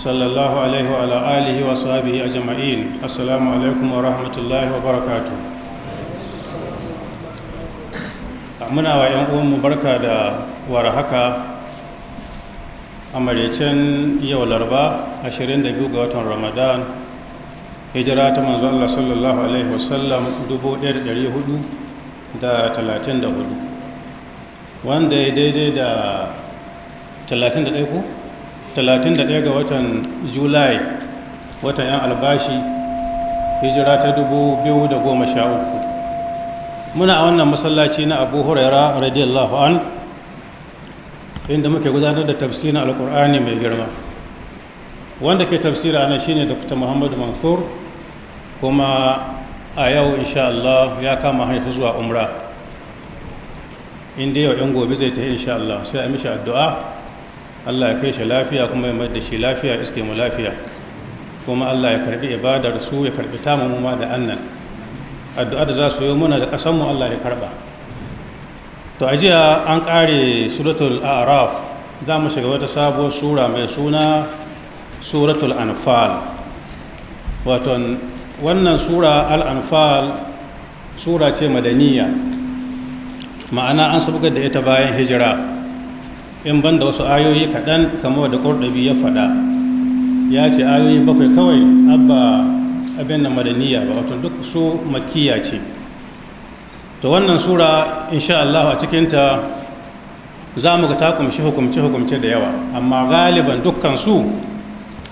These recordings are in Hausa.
Sallallahu alaihi صلى alihi wa وعلى a jama'in. Assalamu alaikum wa rahmatullahi wa barakatu. muna wa 'yan uwanmu barka da warhaka a maraicen yau laraba 22 ga watan ramadan hijira ta manzo Allah sallallahu alaihi wasallam 1434 wanda ya daidai da 31 ko 31 ga watan julai watan 'yan albashi hijira ta 2013 muna a wannan masallaci na abu huraira radiyallahu an inda muke gudanar da tafsirin alkur'ani mai girma wanda ke tafsira ana shine dr muhammadu mansur kuma a yau insha Allah ya kama hanyar zuwa umra inda yau 'yan gobe zai ta insha Allah sai a mishi addu'a Allah ya kai shi lafiya kuma ya mai da shi lafiya iske mu lafiya kuma Allah ya karbi ibadar su ya karbi tamu mu ma da annan addu'a da za su yi muna da kasan mu Allah ya karba to a jiya an kare suratul a'raf za mu shiga wata sabuwar sura mai suna suratul anfal wato wannan sura al-anfal sura ce madaniya ma'ana an sabgar da ita bayan hijira in ban da wasu ayoyi kaɗan kamar da ƙordabi ya faɗa ya ce ayoyi bakwai kawai abba abin da madaniya ba wato duk su makiya ce to wannan sura insha Allah a cikinta za mu ga ta kumshi hukumce hukumce da yawa amma galiban dukkan su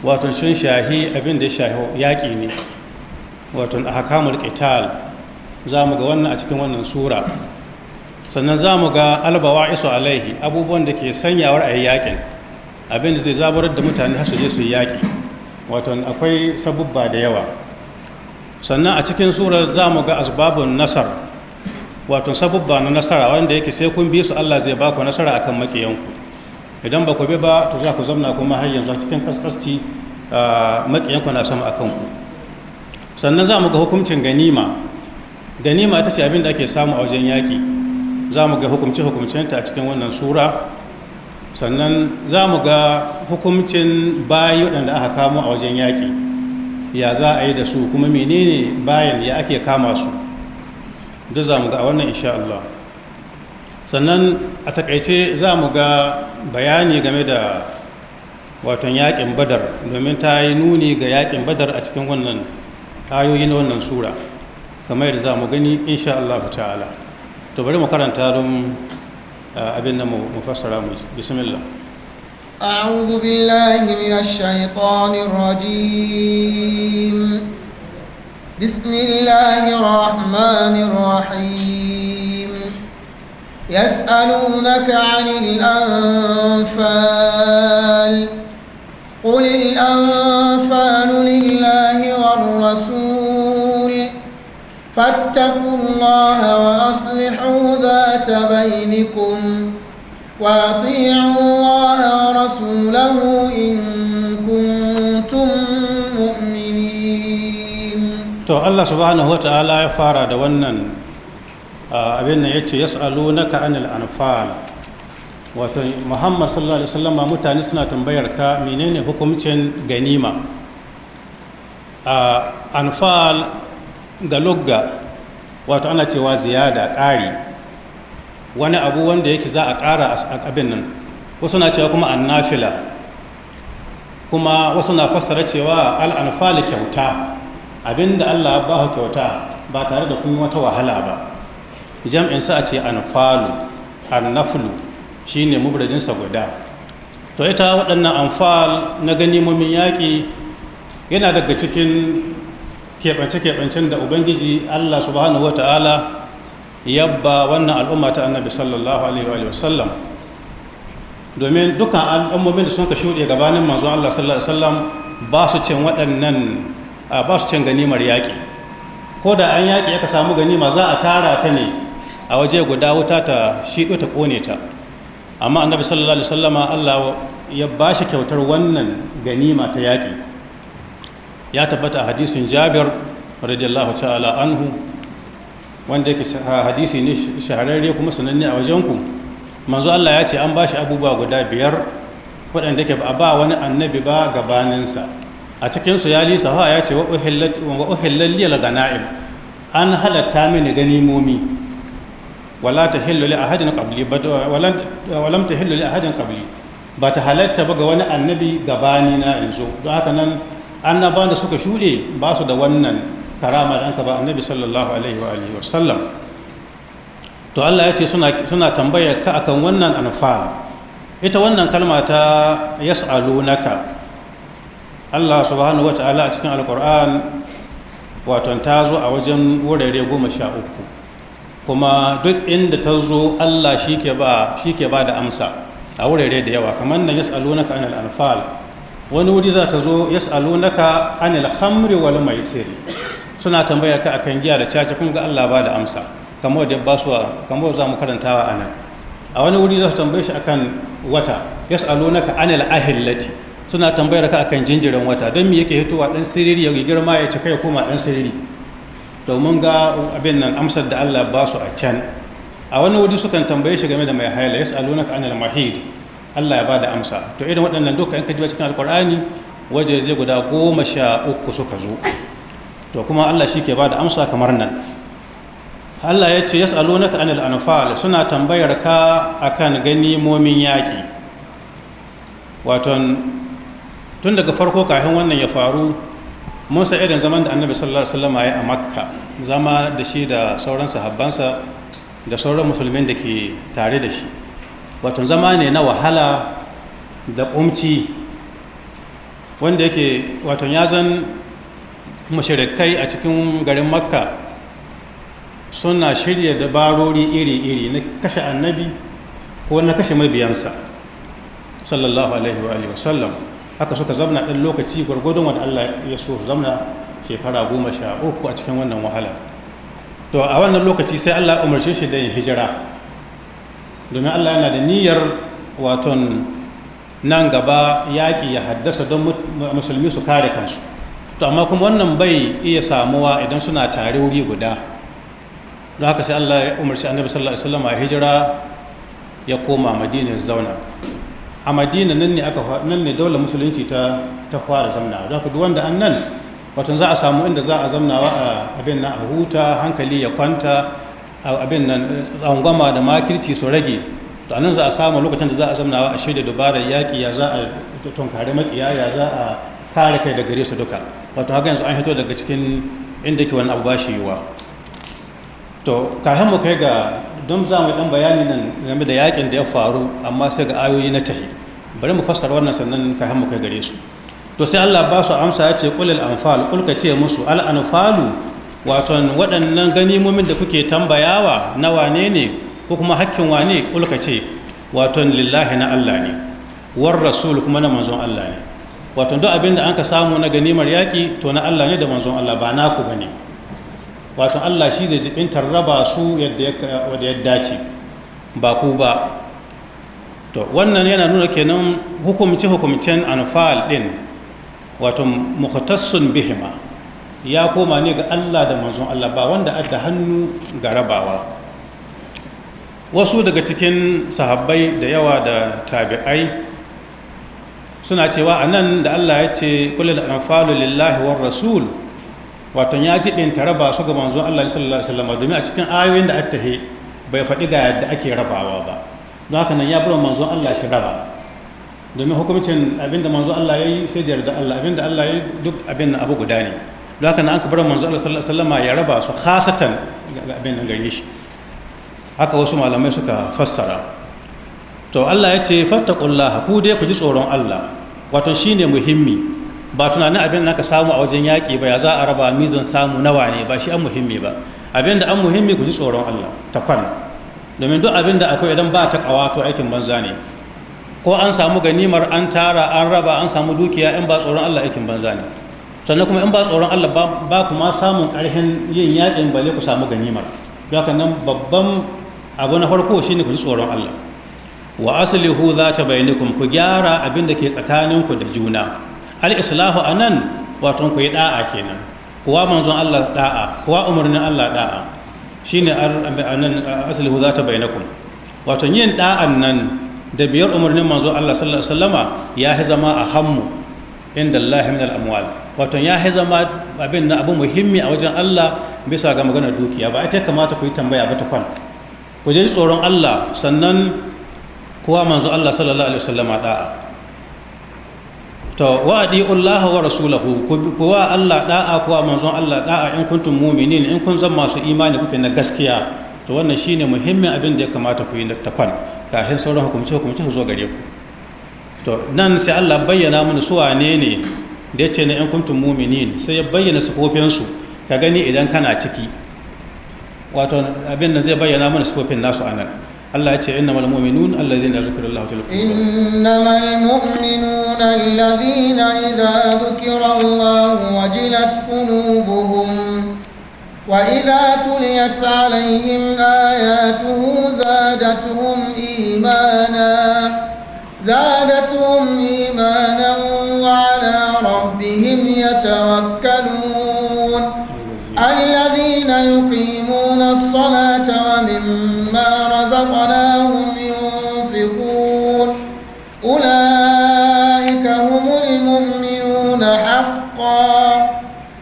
wato sun shahi abin da ya shahi yaƙi ne wata a hakamul qital za mu ga wannan a cikin wannan sura sannan za mu ga albawa iso alaihi abubuwan da ke sanyawar a yi yakin abin da zai zaburar da mutane su je su yi yaƙi wato akwai sabubba da yawa sannan a cikin surar za mu ga asbabun nasar wato sabubba na nasara wanda yake sai kun bi su allah zai baku nasara akan makiyanku idan ba ku bi ba to za ku zamna kuma har yanzu cikin kaskasci makiyanku na sama akan ku sannan za mu ga hukuncin ganima ganima ita ce abin da ake samu a wajen yaƙi za mu ga hukumce-hukumcenta a cikin wannan sura sannan za mu ga hukumcin bayi waɗanda aka kamo a wajen yaƙi ya za a yi da su kuma menene bayan ya ake kama su duk za mu ga wannan insha Allah sannan a takaice za mu ga bayani game da waton yaƙin badar domin ta yi nuni ga yaƙin badar a cikin wannan ayoyi na wannan sura kamar yadda za mu gani insha Allah ta'ala to bari mu karanta don abin nan mu fassara mu bismillah أعوذ بالله من الشيطان الرجيم بسم الله الرحمن الرحيم يسألونك عن الأنفال قل الأنفال لله والرسول فاتقوا الله وأصلحوا ذات بينكم وأطيعوا الله ورسوله إن كنتم مؤمنين تو الله سبحانه وتعالى يفارى دونن abin nan ya ce yas'alunaka anil anfal wato muhammad sallallahu alaihi wasallam mutane suna tambayar ka menene hukuncin ganima anfal ga wato ana cewa ziyada ƙari wani abu wanda yake za a ƙara a abin nan wasu na cewa kuma annafila kuma wasu na fassara cewa al'anfali kyauta abinda allah ba kyauta ba tare da kun wata wahala ba jam'in sa a ce anfalu shi ne mubradinsa guda to ita waɗannan anfal na ganimomin yaƙi yana daga cikin keɓance-keɓancen da ubangiji allah subhanahu wa ta'ala yabba wannan al'umma ta annabi sallallahu alaihi wa sallam domin dukkan al'ummomin da suka ka shuɗe gabanin manzon allah sallallahu alaihi wa sallam ba su cin waɗannan ba su cin ganimar yaƙi ko da an yaƙi aka samu ganima za a tara ta ne a waje guda wuta ta shiɗo ta ƙone ta amma annabi sallallahu alaihi wa sallama allah ya ba shi kyautar wannan ganima ta yaƙi ya tabbata hadisin jabir radiyallahu ta'ala anhu wanda yake hadisi ne shahararre kuma sananne a wajenku manzo Allah ya ce an bashi abubuwa guda biyar waɗanda ke ba ba wani annabi ba gabaninsa a cikinsu ya lisa ya ce wa uhillalliyar gana'im an halatta mini ganimomi walam ta hillu li ahadin qabli ba ta halatta ba ga wani annabi gabani na yanzu don haka nan annabawan da suka shuɗe ba su da wannan karama da anka ba annabi sallallahu alaihi wa alihi wasallam to Allah ya ce suna tambaya ka akan wannan anfal ita wannan kalma ta yas'alunaka Allah subhanahu wa ta'ala a cikin alkur'an waton ta zo a wajen wurare goma sha uku kuma duk inda ta zo Allah shi ke ba da amsa a wurare da yawa kamar nan yas'alunaka anil anfal wani wuri za ta zo ya yas'alunaka anil khamri wal maisir suna tambaya ka akan giya da caca kun ga Allah ba da amsa kamar da ba su kamar za mu karantawa anan a wani wuri za ta tambaye shi akan wata ka anil ahillati suna tambayar ka akan jinjirin wata don me yake hitowa dan siriri ya girma ya cika ya koma dan siriri domin ga abin nan amsar da Allah ba su a can a wani wuri sukan tambaye shi game da mai haila ka anil mahid Allah ya bada amsa to irin waɗannan duka in ka ji cikin alkur'ani waje zai guda goma sha uku suka zo to kuma Allah shi ke ba da amsa kamar nan Allah ya ce na anil anfal suna tambayar ka akan ganimomin yaƙi waton tun daga farko kafin wannan ya faru musa irin zaman da annabi sallallahu alaihi wasallam ya a makka zama da shi da sauran sahabbansa da sauran musulmin da ke tare da shi wato zama ne na wahala da kumci wanda yake wato ya zan mashirikai a cikin garin makka suna shirya dabarori iri-iri na kashe annabi ko na kashe mabiyansa sallallahu alaihi wa sallam haka suka zamna ɗan lokaci gwargwadon wanda allah ya so zamna shekara goma sha uku a cikin wannan wahala to a wannan lokaci sai allah umarce shi da yin hijira domin allah yana da niyyar waton nan gaba yaƙi ya haddasa don musulmi su kare kansu to amma kuma wannan bai iya samuwa idan suna tare wuri guda don haka sai allah ya umarci annabi sallallahu alaihi wasallam a hijira ya koma madina zauna a madina nan ne aka nan ne daular musulunci ta ta fara zamna don haka duk wanda an nan wato za a samu inda za a zamnawa a abin na a huta hankali ya kwanta abin nan tsangwama da makirci su rage to anan za a samu lokacin da za a zamnawa a shaida dabarar yaƙi ya za a tunkare makiya ya za a kare kai da gare su duka wato haka yanzu an hito daga cikin inda ke wani abu ba shi yiwa to kafin mu kai ga don za mu dan bayani nan game da yakin da ya faru amma sai ga ayoyi na tahi bari mu fassara wannan sannan kafin mu kai gare su to sai Allah ba su amsa ya ce qulil anfal kul ka ce musu al anfalu waton waɗannan ganimomin da kuke tambayawa na wane ne ko kuma hakkin wane kulka ce waton lillahi na Allah ne war rasul kuma na manzon Allah ne waton duk abin da an ka samu na ganimar yaƙi to na Allah ne da manzon Allah ba naku ba ne waton Allah shi zai jibintar raba su yadda ya dace ba ku ba to wannan yana nuna kenan hukumce hukumcen anfal din waton mukhtassun bihima ya koma ne ga Allah da manzon Allah ba wanda adda hannu ga rabawa wasu daga cikin sahabbai da yawa da tabi'ai suna cewa a nan da Allah ya ce kulil anfalu lillahi war rasul wato ya ji din taraba su ga manzon Allah sallallahu alaihi wasallam domin a cikin ayoyin da attahe bai faɗi ga yadda ake rabawa ba don haka nan ya bar manzon Allah shi raba domin hukumcin abinda manzon Allah ya yi sai da yarda Allah abinda Allah ya duk abin abu guda ne don haka na an kabar manzo Allah sallallahu alaihi wasallam ya raba su khasatan ga abin nan gare shi haka wasu malamai suka fassara to Allah ya ce fattakullah ku dai ku ji tsoron Allah wato shine muhimmi ba tunanin abin da ka samu a wajen yaki ba ya za a raba mizan samu nawa ne ba shi an muhimmi ba abin da an muhimmi ku ji tsoron Allah ta kwan domin duk abin da akwai idan ba ta kawa to aikin banza ne ko an samu ganimar an tara an raba an samu dukiya in ba tsoron Allah aikin banza ne sannan kuma in ba tsoron Allah ba kuma samun ƙarfin yin yaƙin ba zai ku samu ganimar don haka nan babban abu na farko shine ku ji tsoron Allah wa aslihu za ta bayyanikum ku gyara abin da ke tsakaninku da juna al a nan wato ku yi ɗa'a kenan kuwa manzon Allah ɗa'a kuwa umarnin Allah ɗa'a shine anan aslihu za ta bayyanakum wato yin da'an nan da biyar umarnin manzon Allah sallallahu alaihi wasallama ya zama a hammu inda Allah min al wato ya haiza ma abin na abu muhimmi a wajen Allah bisa ga maganar dukiya ba ita kamata ku yi tambaya ba ta kwan ku ji tsoron Allah sannan kuwa manzo Allah sallallahu alaihi wasallam da'a to wa Allah wa rasulahu kuwa Allah da'a kuwa manzon Allah da'a in kuntum mu'minin in kun zama masu imani kuke na gaskiya to wannan shine muhimmin abin da ya kamata ku yi na ta kwan kafin sauran hukumce hukumce su zo gare ku to nan sai Allah bayyana mana suwa ne ne da ya ce na yan kuntum muminin sai ya bayyana sufofinsu ka gani idan kana ciki wato abin da zai bayyana mana sufofin nasu a nan Allah ya ce innamal mu'minun alladhina zukirallahu fil qulub innamal mu'minun alladhina idza zukirallahu wajilat qulubuhum wa idza tuliyat alaihim ayatuhu zadatuhum imana zadatuhum imana ربهم يتوكلون الذين يقيمون الصلاة ومما رزقناهم ينفقون أولئك هم المؤمنون حقا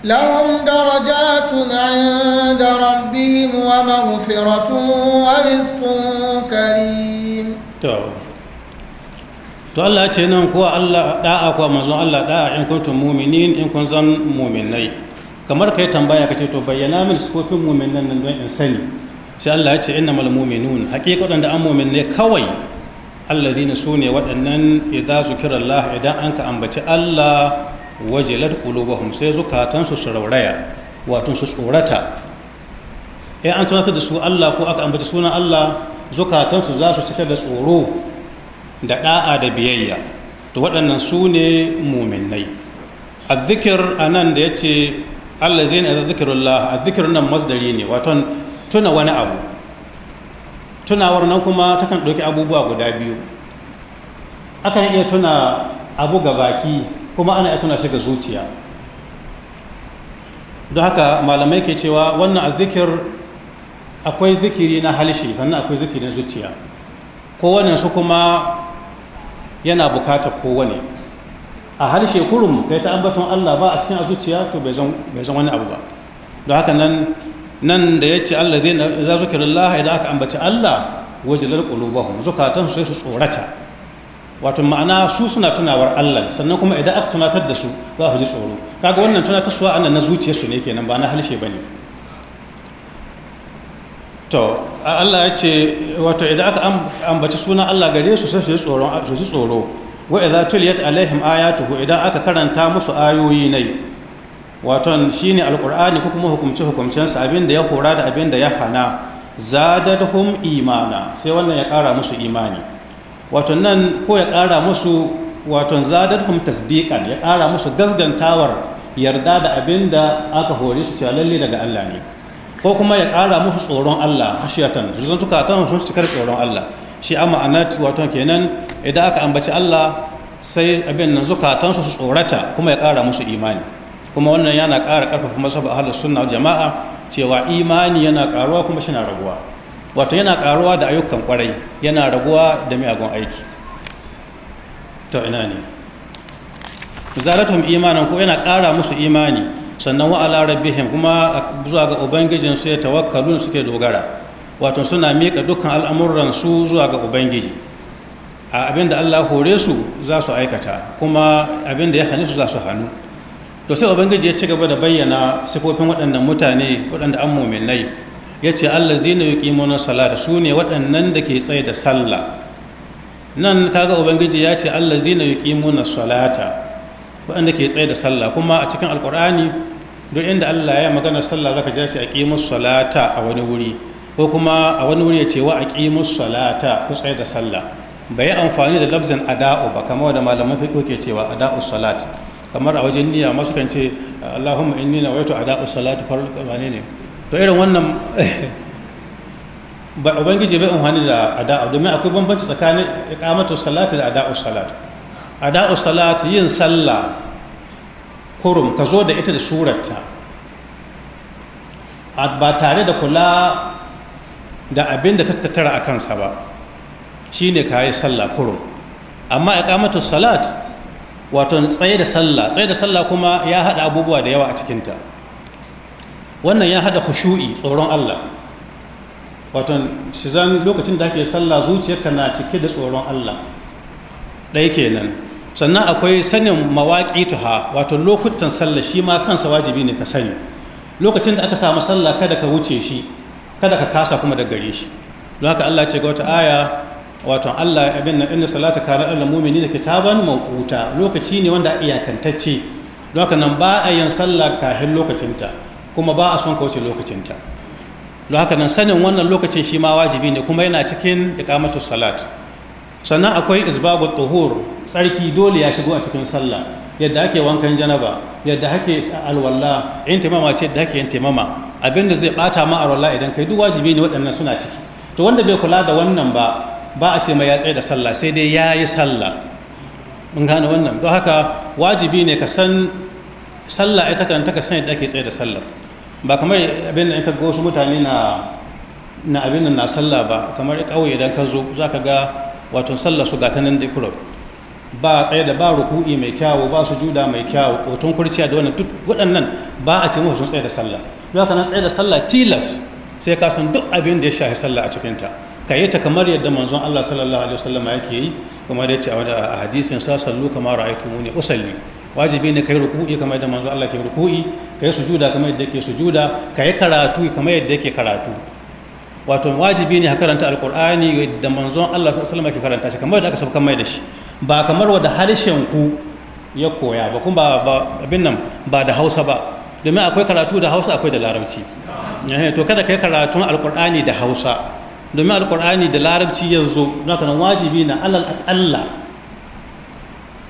لهم درجات عند ربهم ومغفرة ورزق to Allah ce nan kuwa Allah da'a kuwa manzon Allah da'a in kuntum mu'minin in kun zan mu'minai kamar kai tambaya kace to bayyana min sifofin mu'minan nan don in sani sai Allah ya ce innamal mu'minun haqiqatan da an mu'minai kawai alladhina sune wadannan idza zukira Allah idan an ka ambaci Allah wajilat qulubuhum sai zukatansu su rauraya wato su tsorata eh an tunatar da su Allah ko aka ambaci sunan Allah zukatansu za su cike da tsoro da ɗa'a da biyayya to waɗannan su ne muminai azzikir a nan da ya ce allah zai ne a zikirullah zikir nan masdari ne wato tuna wani abu tunawar nan kuma takan ɗauki abubuwa guda biyu akan iya tuna abu ga baki kuma ana iya tuna shi ga zuciya don haka malamai ke cewa wannan azzikir akwai zikiri na halshe sannan akwai zikirin na zuciya kowane su kuma yana bukatar kowane a harshe kurum kai ta ambaton Allah ba a cikin azuciya to bai zan wani abu ba don haka nan nan da ya ce Allah zai za su idan aka ambaci Allah wajilar qulubahum zukatan sai su tsorata wato ma'ana su suna tunawar Allah sannan kuma idan aka tunatar da su za su ji tsoro kaga wannan tunatar suwa nan na zuciyarsu ne kenan ba na harshe bane to Allah ya ce wato idan aka ambaci suna Allah gare su sai su tsoro su ji tsoro wa idza tuliyat alaihim ayatuhu idan aka karanta musu ayoyi ne wato shine alqur'ani ko kuma hukumce hukumcen sa abin da ya hora da abin da ya hana zadadhum imana sai wannan ya kara musu imani wato nan ko ya kara musu wato zadadhum tasdiqan ya kara musu gasgantawar yarda da abin da aka hore su cewa lalle daga Allah ne ko kuma ya ƙara musu tsoron Allah khashiyatan zan tuka tan sun cika tsoron Allah shi a ma'ana wato kenan idan aka ambaci Allah sai abin nan zukatansu su tsorata kuma ya ƙara musu imani kuma wannan yana ƙara ƙarfafa masaba ahlus sunna jama'a cewa imani yana ƙaruwa kuma shi na raguwa wato yana ƙaruwa da ayyukan kwarai yana raguwa da miyagun aiki to ina ne zaratum imanan ko yana ƙara musu imani sannan wa ala rabbihim kuma zuwa ga ubangijin su ya tawakkalu suke dogara wato suna mika dukkan al'amuran su zuwa ga ubangiji a abin da Allah hore su za su aikata kuma abin da ya hannu su za su hannu to sai ubangiji ya ci gaba da bayyana sifofin waɗannan mutane waɗanda an muminai ya ce Allah zai na yuƙi salata su ne waɗannan da ke tsaye da sallah nan kaga ubangiji ya ce Allah zai na yuƙi salata waɗanda ke tsaye da sallah kuma a cikin alkur'ani duk inda allah ya magana sallah zaka ja shi a ƙimus salata a wani wuri ko kuma a wani wuri ya ce wa a ƙimus salata ku tsaye da sallah bai amfani da lafzin ada'u ba kamar da malaman fiqh ke cewa ada'u salat kamar a wajen niyya masu kan ce allahumma inni nawaitu ada'u salati far ne to irin wannan ba ubangiji bai amfani da ada'u domin akwai bambanci tsakanin iqamatu salati da ada'u salati a ada'u salati yin sallah kurum ka zo da ita da surata ba tare da kula da abin da tattara a kansa ba shine ka yi sallah kurum amma kamatu salat wato tsaye da sallah tsaye da sallah kuma ya hada abubuwa da yawa a cikinta wannan ya hada kushu'i tsoron Allah wato shi zan lokacin da ake sallah zuciyarka na cike da tsoron Allah ɗaya kenan sannan akwai sanin mawaƙi tuha wato lokutan sallah shi ma kansa wajibi ne ka sani lokacin da aka samu sallah kada ka wuce shi kada ka kasa kuma da gare shi don haka Allah ce ga wata aya wato Allah ya abin nan inna salata kana lil da kitaban mawquta lokaci ne wanda iyakantacce don haka nan ba a yin sallah kahin ta, kuma ba a son ka wuce lokacin ta. don haka nan sanin wannan lokacin shi ma wajibi ne kuma yana cikin iqamatus salat sannan akwai isbagu tuhur tsarki dole ya shigo a cikin sallah yadda ake wankan janaba yadda ake alwala yin taimama ce yadda ake yin taimama abinda zai bata ma alwala idan kai duk wajibi ne waɗannan suna ciki to wanda bai kula da wannan ba ba a ce mai ya tsaye da sallah sai dai ya yi sallah mun gane wannan don haka wajibi ne ka san sallah ita kan ta san yadda ake tsaye da sallah ba kamar abin da in ka ga wasu mutane na na abin da na sallah ba kamar ƙauye idan ka zo za ka ga wato sallar su gata nan da kurum ba tsaye da ba ruku'i mai kyawu ba sujuda mai kyawu hoton kurciya da duk waɗannan ba a ce musu tsaye da sallah don haka tsaye da sallah tilas sai ka san duk abin da ya shafi sallah a cikinta ka yi ta kamar yadda manzon Allah sallallahu alaihi wasallam yake yi kuma da yace a hadisin sa sallu kama ra'aytumuni usalli wajibi ne kai ruku'i kamar yadda manzon Allah ke ruku'i kai sujuda kamar yadda yake sujuda kai karatu kamar yadda yake karatu wato wajibi ne ka karanta alkur'ani da manzon Allah sallallahu alaihi karanta shi kamar da aka saukan mai da shi ba kamar wadda harshen ku ya koya ba kuma ba abin nan ba da Hausa ba domin akwai karatu da Hausa akwai da Larabci eh, to kada kai karatun alkur'ani da Hausa domin alkur'ani da Larabci yanzu haka nan wajibi na alal aqalla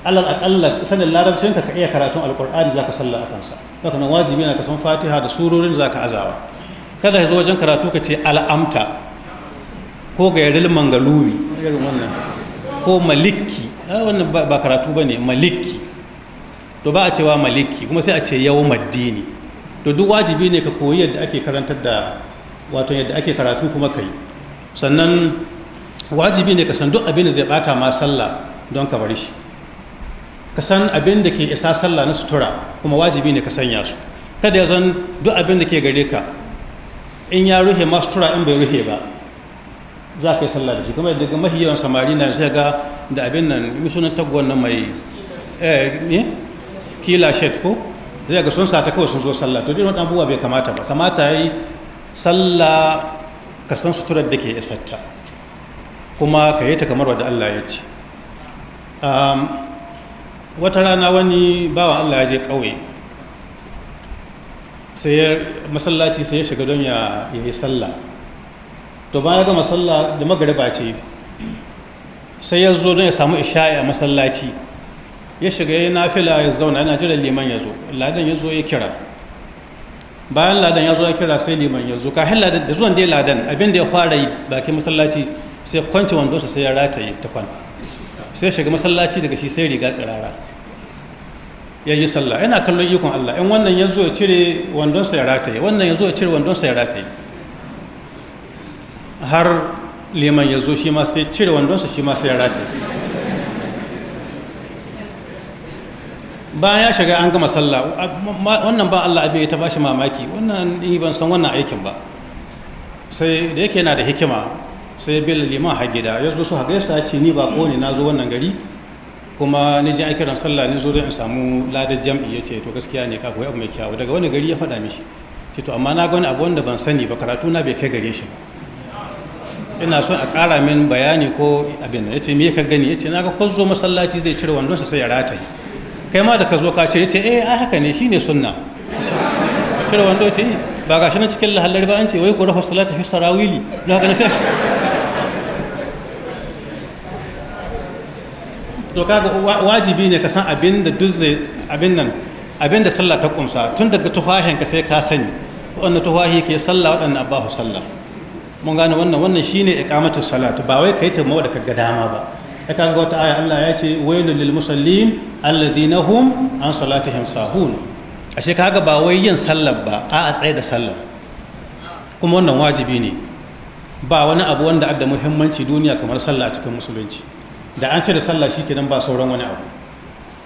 alal aqalla sanin larabcin ka iya karatun alkur'ani zaka sallah akan sa haka nan wajibi na ka san Fatiha da surorin da zaka azawa kada ya zo wajen karatu ka ce al'amta ko gairil mangalumi ko maliki ah, wannan ba karatu ba ne maliki to ba a cewa maliki kuma sai a ce yau maddini to duk wajibi ne ka koyi yadda ake karantar da wato yadda ake karatu kuma kai sannan wajibi ne ka san duk abin da zai bata ma sallah don ka bar shi ka san abin da ke isa sallah na sutura kuma wajibi ne ka sanya su kada ya zan duk abin da ke gare ka in ya ruhe masu tura in bai ruhe ba za ka yi sallah da shi kuma daga mafi yawan samari na zai ga da abin nan misunan tagwon nan mai ne eh, kila shet ko zai ga sun sata kawai sun zo sallah to irin abubuwa bai kamata ba kamata yi sallah ka san suturar da ke isarta kuma ka yi ta kamar wadda Allah ya ce wata rana wani bawan Allah ya je ƙauye sai masallaci sai ya shiga don ya yi sallah to baya ga masalla da magariba ce sai ya zo don ya samu isha'i a masallaci ya shiga ya yi nafila ya zauna yana jiran liman ya zo ladan ya zo ya kira bayan ladan ya zo ya kira sai liman ya zo kafin ladan da zuwan dai ladan abin da ya fara yi bakin masallaci sai kwance su sai ya rataye ta kwana sai shiga masallaci daga shi sai riga tsirara ya yi sallah yana kallon ikon Allah in wannan ya zo cire cire sa ya rataye wannan ya zo cire cire sa ya rataye har liman ya zo shi ma sai cire sa shi ma sai ya rataye bayan ya shiga an gama sallah wannan ba Allah abin ya ta bashi mamaki wannan ni ban san wannan aikin ba sai da yake yana da hikima sai bil liman ha gida ya zo su ha gaisa ce ni ba ko ne na zo wannan gari kuma ni ji aikin ran sallah ni zo in samu ladar jam'i ya ce to gaskiya ne ka koyi abu mai kyau daga wani gari ya faɗa mishi ce to amma na ga wani abu wanda ban sani ba karatu na bai kai gare shi ba ina so a ƙara min bayani ko abin ya ce me ka gani ya ce na ga zo masallaci zai cire wandonsa sai ya rata kai ma da ka zo ka ce ya ce eh ai haka ne shine sunna cire wando ce ba ga shi na cikin lahallar ba an ce wai ko rahu salata fi sarawili don haka na sai to kaga wajibi ne ka san abin da duk abin nan abin da sallah ta kumsa tun daga tufahin ka sai ka sani waɗannan tufahi ke sallah waɗannan abahu sallah mun gane wannan wannan shine iqamatu salatu ba wai kai ta mawa da kaga dama ba ta kaga wata aya Allah ya ce wailul lil musallin alladhina hum an salatihim sahun ashe kaga ba wai yin sallah ba a a tsaye da sallah kuma wannan wajibi ne ba wani abu wanda adda muhimmanci duniya kamar sallah cikin musulunci da an ce da sallah shi kenan ba sauran wani abu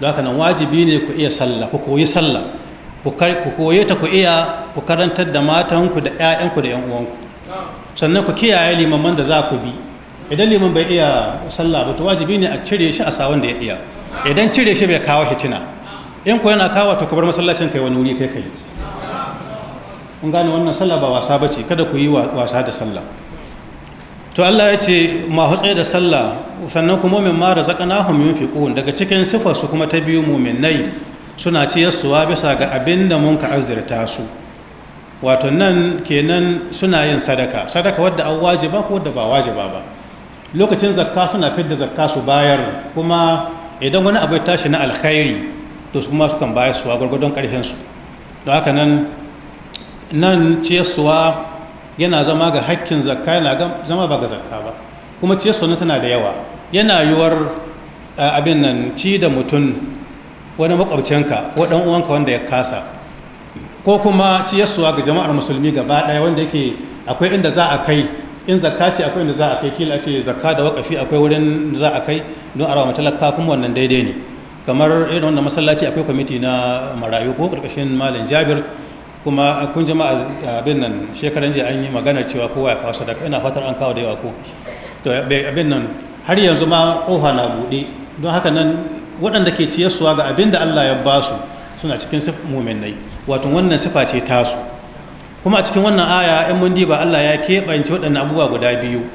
don haka nan wajibi ne ku iya sallah ku koyi sallah ku koye ta ku iya ku karantar da matanku da 'ya'yanku da 'yan uwanku sannan ku kiyaye limaman da za ku bi idan liman bai iya sallah ba to wajibi ne a cire shi a sawan da ya iya idan cire shi bai kawo hitina in ku yana kawo to ku bar masallacin kai wani wuri kai kai kun gane wannan sallah ba wasa bace kada ku yi wasa da sallah to Allah ya ce masu tsaye da sallah sannan kuma min ma da zakana hum yunfiqun daga cikin sifar su kuma ta biyu muminai suna ciyarsuwa bisa ga abin da mun ka azurta su wato nan kenan suna yin sadaka sadaka wadda an wajiba ko wadda ba wajiba ba lokacin zakka suna fidda zakka su bayar kuma idan wani abu ya tashi na alkhairi to su kuma sukan bayar suwa gwargwadon karfin su don haka nan nan ciyarsuwa yana zama ga hakkin zakka yana zama ba ga zakka ba kuma ciyar sunna tana da yawa yana yiwuwar abin nan ci da mutum wani makwabcinka ko dan uwanka wanda ya kasa ko kuma ciyarsuwa ga jama'ar musulmi gaba ɗaya wanda yake akwai inda za a kai in zakka ce akwai inda za a kai kila ce zakka da wakafi akwai wurin za a kai don a rawa talaka kuma wannan daidai ne kamar irin wannan masallaci akwai kwamiti na marayu ko karkashin malam jabir kuma kun jama'a abin nan shekaran jiya an yi maganar cewa kowa ya kawo sadaka ina fatar an kawo da yawa ko to abin nan har yanzu ma kofa na bude don haka nan waɗanda ke ciyarsuwa ga abin da Allah ya ba su suna cikin muminai wato wannan sifa ce tasu kuma a cikin wannan aya in mun diba Allah ya keɓance waɗannan abubuwa guda biyu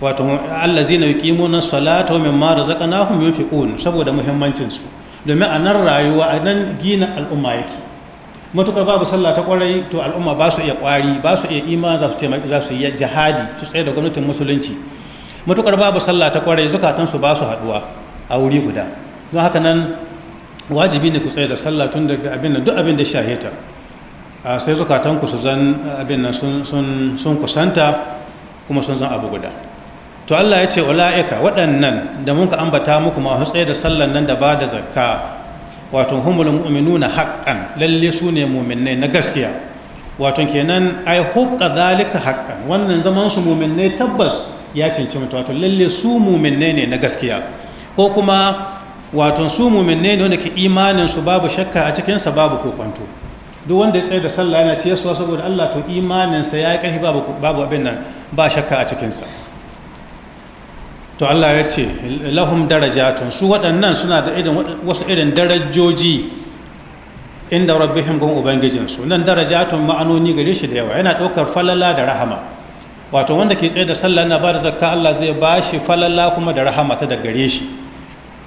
wato Allah zai na yuqimuna salata wa mimma razaqnahum yunfiqun saboda muhimmancin su domin a nan rayuwa a nan gina al'umma yake matukar babu sallah ta kwarai to al'umma ba su iya kwari ba su iya iman za su taimaki za su iya jihadi su tsaye da gwamnatin musulunci matukar babu sallah ta kwarai zukatan su ba su haduwa a wuri guda don haka nan wajibi ne ku tsaye da sallah tun daga abin nan duk abin da shaheta sai zukatan ku su zan abin nan sun kusanta kuma sun zan abu guda to Allah ya ce wala'ika waɗannan da mun ka ambata muku su tsaye da sallan nan da ba da zakka wato humul mu'minuna haqqan lalle su ne mu'minnai na gaskiya wato kenan ai huqqa zalika haqqan wannan zaman su mu'minnai tabbas ya mutu wato lalle su mu'minnai ne na gaskiya ko kuma wato su mu'minnai ne wanda ke imanin su babu shakka a cikin sa babu kokonto duk wanda ya tsaye da sallah yana ciyarwa saboda Allah to imanin sa ya karfi babu babu abin nan ba shakka a cikin sa to Allah ya ce lahum darajatun su waɗannan suna da irin wasu irin darajoji inda rabbihim gun su nan darajatun ma'anoni gare shi da yawa yana ɗaukar falala da rahama wato wanda ke tsaye da sallah na ba da zakka Allah zai ba shi falala kuma da rahama ta da gare shi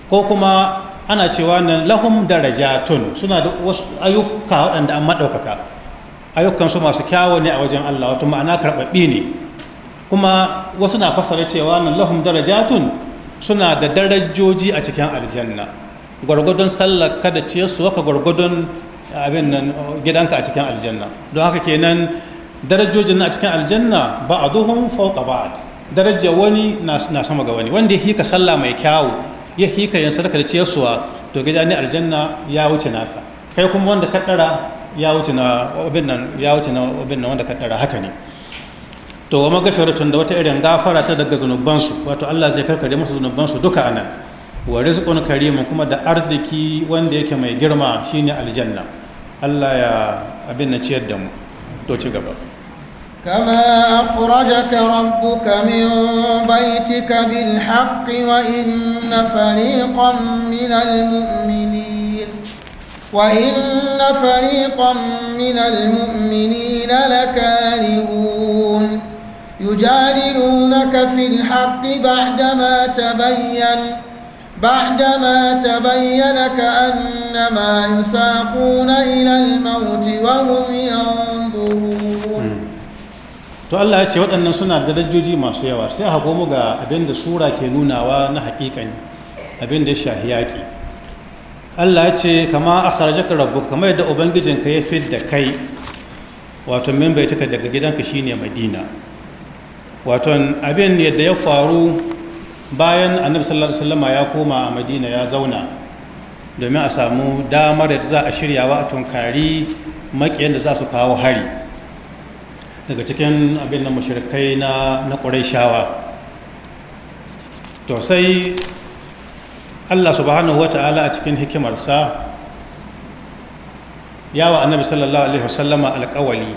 ko kuma ana cewa nan lahum darajatun suna da wasu ayyuka waɗanda an maɗaukaka ayyukansu masu kyawo ne a wajen Allah wato ma'ana karɓaɓɓi ne kuma wasu na fasara cewa nan lahum darajatun suna da darajoji a cikin aljanna gwargwadon sallar kada ce su waka gwargwadon eh, abin nan oh, gidanka a cikin aljanna don haka kenan darajojin a cikin aljanna ba a duhun fauka ba daraja wani na sama ga wani wanda ya hika sallah mai kyawu ya hika yin sadaka da ciyarsuwa to gida ne aljanna ya wuce naka kai kuma wanda ka ya wuce na abin nan ya wuce na abin nan wanda ka haka ne to wa magafiratun da wata irin gafara ta daga zunubansu wato Allah zai karkare musu zunubansu duka anan wa rizqun karimun kuma da arziki wanda yake mai girma shine aljanna Allah ya abin na ciyar da mu to ci gaba كما أخرجك ربك من بيتك بالحق وإن فريقا من المؤمنين وإن فريقا من المؤمنين لكارهون يجادلونك في الحق بعدما تبين بعدما تبين كأنما يساقون إلى الموت وهم ينظرون to Allah ya ce waɗannan suna da darajoji masu yawa sai hako mu ga abin da sura ke nunawa na haƙiƙani abin da ya shahi yaƙi Allah ya ce kama a kharajaka rabu, kamar yadda ubangijinka ya fid da kai wato min bai taka daga gidanka shine Madina waton abin yadda ya faru bayan annabi sallallahu alaihi wasallam ya koma a madina ya zauna domin a samu damar da za a shiryawa a tunkari makiyan da za su kawo hari daga cikin abin na mashirkai na na ƙuraishawa to sai allah subhanahu wa ta'ala a cikin hikimarsa yawa annabi sallallahu alaihi wasallama alƙawali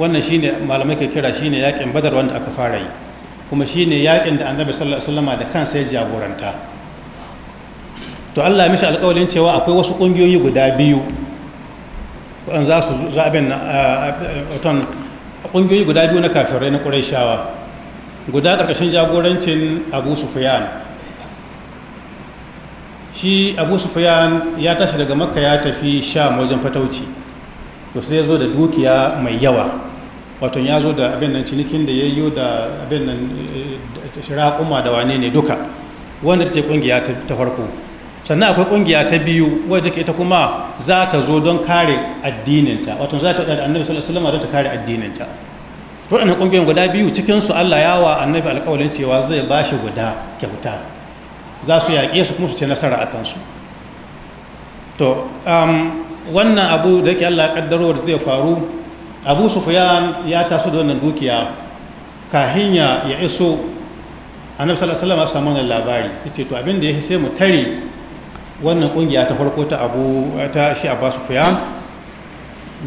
wannan shine malamai ke kira shine yakin badar wanda aka fara yi kuma shine yakin da annabi sallallahu alaihi da kansa ya jagoranta to Allah ya mishi alƙawarin cewa akwai wasu ƙungiyoyi guda biyu wa'an za su zaɓin ton ƙungiyoyi guda biyu na kafirai na guda ƙarƙashin jagorancin abu Sufyan shi abu ya tashi daga makka ya tafi sha wajen fatauci to sai ya zo da dukiya mai yawa wato ya zo da abin nan cinikin da ya yi da abin nan kuma eh, eh, da wane ne duka wanda ta ce ƙungiya ta farko sannan akwai ƙungiya ta biyu wadda ita kuma za ta zo don kare addininta wato za ta da annabi sallallahu alaihi wasallam don ta kare addininta waɗannan ƙungiyoyin guda biyu cikinsu allah ya wa annabi alƙawalin cewa zai ba shi guda kyauta za su yaƙe su kuma su ce nasara a kansu to um, wannan abu da yake allah ya ƙaddarwar zai faru abu sufyan ya taso da wannan dukiya kahin ya ya iso annabi sallallahu alaihi wasallam ya samu wannan labari yace to abin da ya sai mu tare wannan kungiya ta farko ta abu ta shi abu sufyan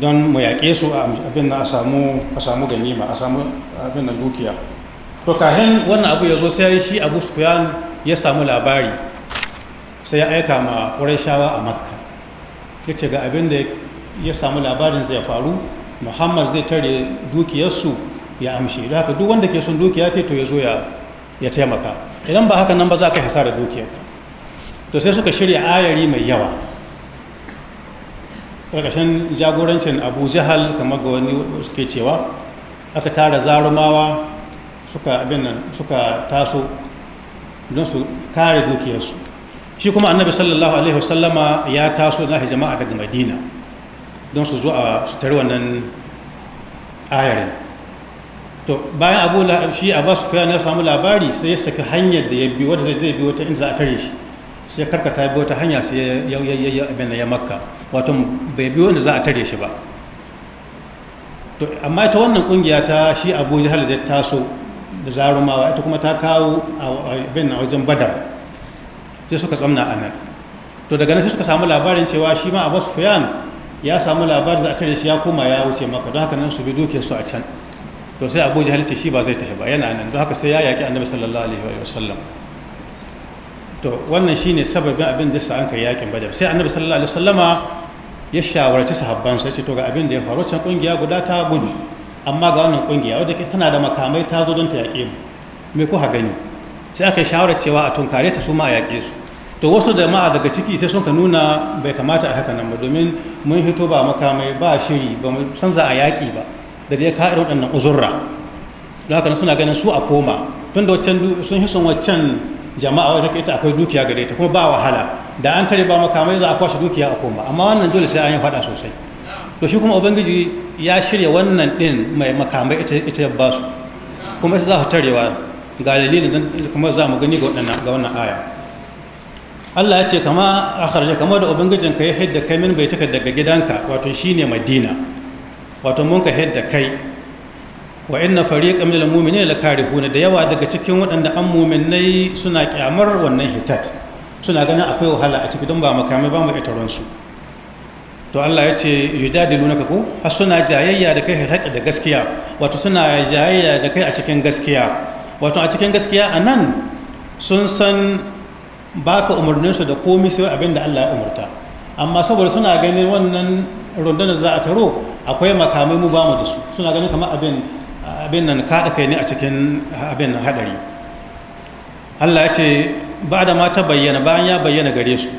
don mu yaƙe su a abin na a samu ganima a samu abin nan dukiya to kahin wannan abu ya zo sai shi abu sufyan ya samu labari sai ya aika ma shawa a makka ya ce ga abin da ya samu labarin zai faru muhammad zai tare dukiyarsu ya amshe da haka duk wanda ke son dukiya ce to ya zo ya taimaka idan ba haka nan ba za ka yi dukiyar ka to sai suka shirya ayari mai yawa ƙarƙashin jagorancin abu jihal kamar ga wani suke cewa aka tara zarumawa suka abin suka taso don su kare dukiyarsu shi kuma annabi sallallahu alaihi wasallama ya taso na jama'a daga madina don su zo a su tare wannan ayarin to bayan abu shi su fiyan na samu labari sai ya saki hanyar da ya bi wadda zai bi wata inda za a tare shi sai karkata bi wata hanya sai ya ya makka wato bai bi wanda za a tare shi ba to amma ita wannan kungiya ta shi abu jihar da taso da zarumawa ita kuma ta kawo a abin a wajen badar sai suka tsamna a nan to daga nan sai suka samu labarin cewa shi ma basu fiyan ya samu labari za a tare shi ya koma ya wuce maka don haka nan su bi doke su a can to sai abu jahal ce shi ba zai tafi ba yana nan don haka sai ya yaki annabi sallallahu alaihi wa sallam to wannan shine sababin abin da sa an kai yakin badar sai annabi sallallahu alaihi wa sallama ya shawarci sahabban sai ce to ga abin da ya faru can kungiya guda ta gudu amma ga wannan kungiya wadda ke tana da makamai ta zo don ta yaƙe mu me ha gani sai aka yi cewa a tunkare ta su ma a yaƙe su to wasu jama'a daga ciki sai sun ka nuna bai kamata a haka nan ba domin mun hito ba makamai ba shiri ba mu san za a yaƙi ba da dai ka irin waɗannan uzurra don haka suna ganin su a koma tun da waccan sun jama'a wajen ita akwai dukiya gare ta kuma ba wahala da an tare ba makamai za a kwashe dukiya a koma amma wannan dole sai an yi faɗa sosai to shi kuma ubangiji ya shirya wannan ɗin mai makamai ita ya ba su kuma ita za su tarewa ga dalilin kuma za mu gani ga wannan aya Allah ya ce kama a kharje kama da ubangijin ka ya hidda kai min bai taka daga gidanka wato shine madina wato mun ka hidda kai wa inna fariqan minal mu'minina karihuna da yawa daga cikin waɗanda an mu'minai suna kyamar wannan hitat suna ganin akwai wahala a ciki don ba makamai ba mu itaron su to Allah ya ce yujadilunaka ko har suna jayayya da kai haƙƙi da gaskiya wato suna jayayya da kai a cikin gaskiya wato a cikin gaskiya anan sun san ba ka umarninsu da komi sai abin da Allah ya umarta amma saboda suna ganin wannan rundunar za a taro akwai makamai mu ba mu da su suna ganin kamar abin abin nan kaɗa kai ne a cikin abin haɗari Allah ya ce ba da ma ta bayyana bayan ya bayyana gare su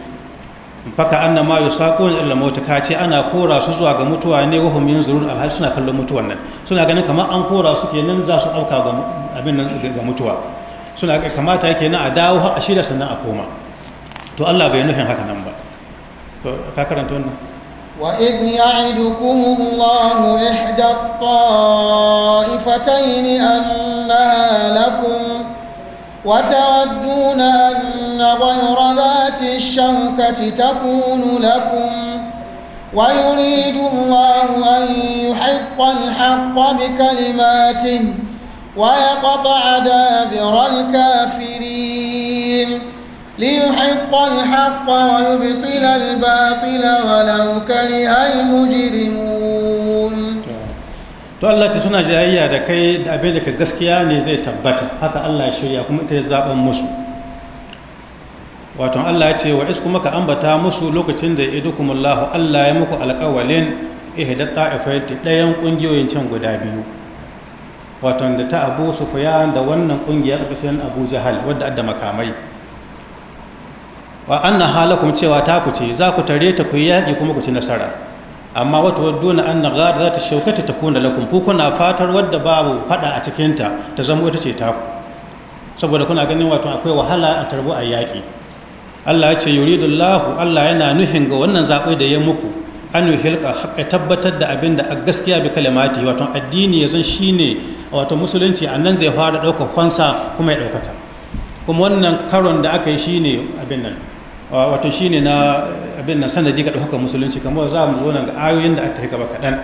faka anna ma yusaqun illa ka ce ana kora su zuwa ga mutuwa ne wa hum yanzurun alhal suna kallon mutuwan nan suna ganin kamar an kora su kenan za su auka ga abin nan ga mutuwa suna kamata yake na a dawo a shirya sannan a koma to Allah bai nufin haka nan ba to ka karanta wannan وإذ يعدكم الله إحدى الطائفتين أنها لكم وتودون أن غير ذات الشوكة تكون لكم ويريد الله أن يحق الحق بكلماته ويقطع دابر الكافرين ليحق الحق ويبطل الباطل ولو كره المجرمون to Allah ce suna jayayya da kai da abin da ka gaskiya ne zai tabbata haka Allah ya shirya kuma ita ya musu wato Allah ya ce wa is kuma ka ambata musu lokacin da idukumullahu Allah ya muku alƙawalin ihda ta'ifati ɗayan ƙungiyoyin can guda biyu wato da ta abu sufyan da wannan kungiyar karkashin abu jahal wadda adda makamai wa anna halakum cewa ta ku ce za ku tare ta ku yaƙi kuma ku ci nasara amma wata na anna da za ta shaukata ta kuna lakum ku kuna fatar wadda babu fada a cikin ta ta zama ita ce taku saboda kuna ganin wato akwai wahala a tarbu a yaƙi Allah ya ce yuridullahu Allah yana nuhin ga wannan zaɓe da ya muku an hilka haƙa tabbatar da abin da a gaskiya bi kalimati wato addini yanzu shine wato musulunci a nan zai fara ɗaukar kwansa kuma ya ɗaukaka kuma wannan karon da aka yi shine abin nan wato shine na abin nan sanadi ga ɗaukar musulunci kamar za mu zo nan ga ayoyin da aka gaba kaɗan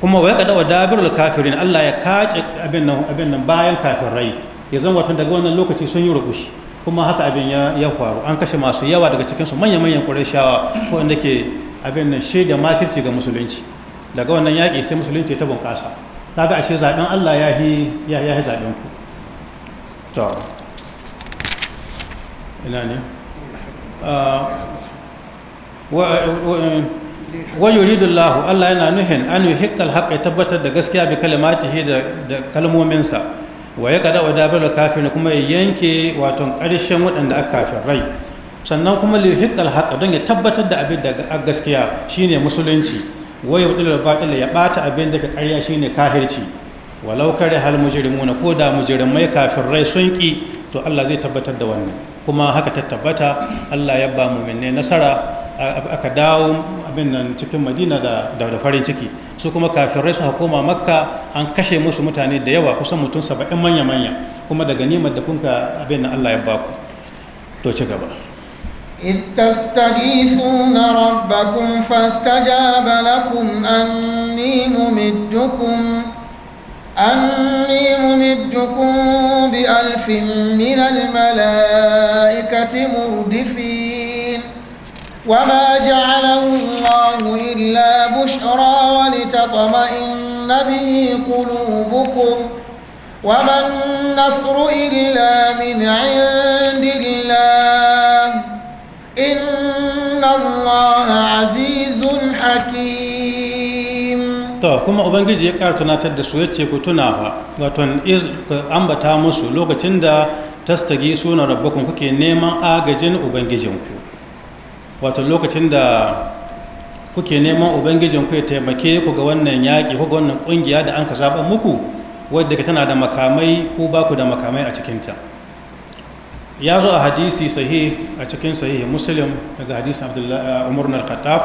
kuma wai ka dawa dabirul kafirin Allah ya kace abin nan abin nan bayan kafirai ya zan wato daga wannan lokaci sun yi rubushi kuma haka abin ya faru an kashe masu yawa daga cikinsu manya-manyan shawa ko inda ke abin nan shaida makirci ga musulunci daga wannan yaƙi sai musulunci ta bunƙasa ga ashe zaɓen Allah ya yi zaɓen ku to ina ne ah, wa Allah yana nuhin an yuhiqqal haqq ya tabbatar da gaskiya bi kalimatihi da kalmominsa wa ya kada wa dabar kafin kuma ya yanke wato ƙarshen waɗanda aka kafin rai sannan kuma liyuhiqqal haka don ya tabbatar da abin da gaskiya shine musulunci waye yudil batil ya bata abin da ka karya shine kahirci walau kare hal mujrimuna ko da mujrimai kafirai sun ki to Allah zai tabbatar da wannan kuma haka ta tabbata Allah ya ba mu'minai nasara aka dawo abin nan cikin madina da da farin ciki su kuma kafin kafirai su koma makka an kashe musu mutane da yawa kusan mutum saba'in manya-manya kuma da ganimar da kunka abin nan Allah ya ba ku to ci gaba إذ تستغيثون ربكم فاستجاب لكم أني ممدكم أني ممدكم بألف من الملائكة مردفين وما جعله الله إلا بشرى ولتطمئن به قلوبكم وما النصر إلا من عند الله الله عزيز حكيم to kuma ubangiji ya kara tunatar da su ya ce ku tuna waton ambata musu lokacin da tastage sunan rabbakun kuke neman agajin ubangijinku wato lokacin da kuke neman ubangijinku ya taimake ku ga wannan yaƙi ku ga wannan ƙungiya da an ka zaɓa muku wadda tana da makamai ko ba ku da makamai a cikinta ya zo a hadisi sahih a cikin sahih muslim daga hadisin abdullahi umar na al-khattab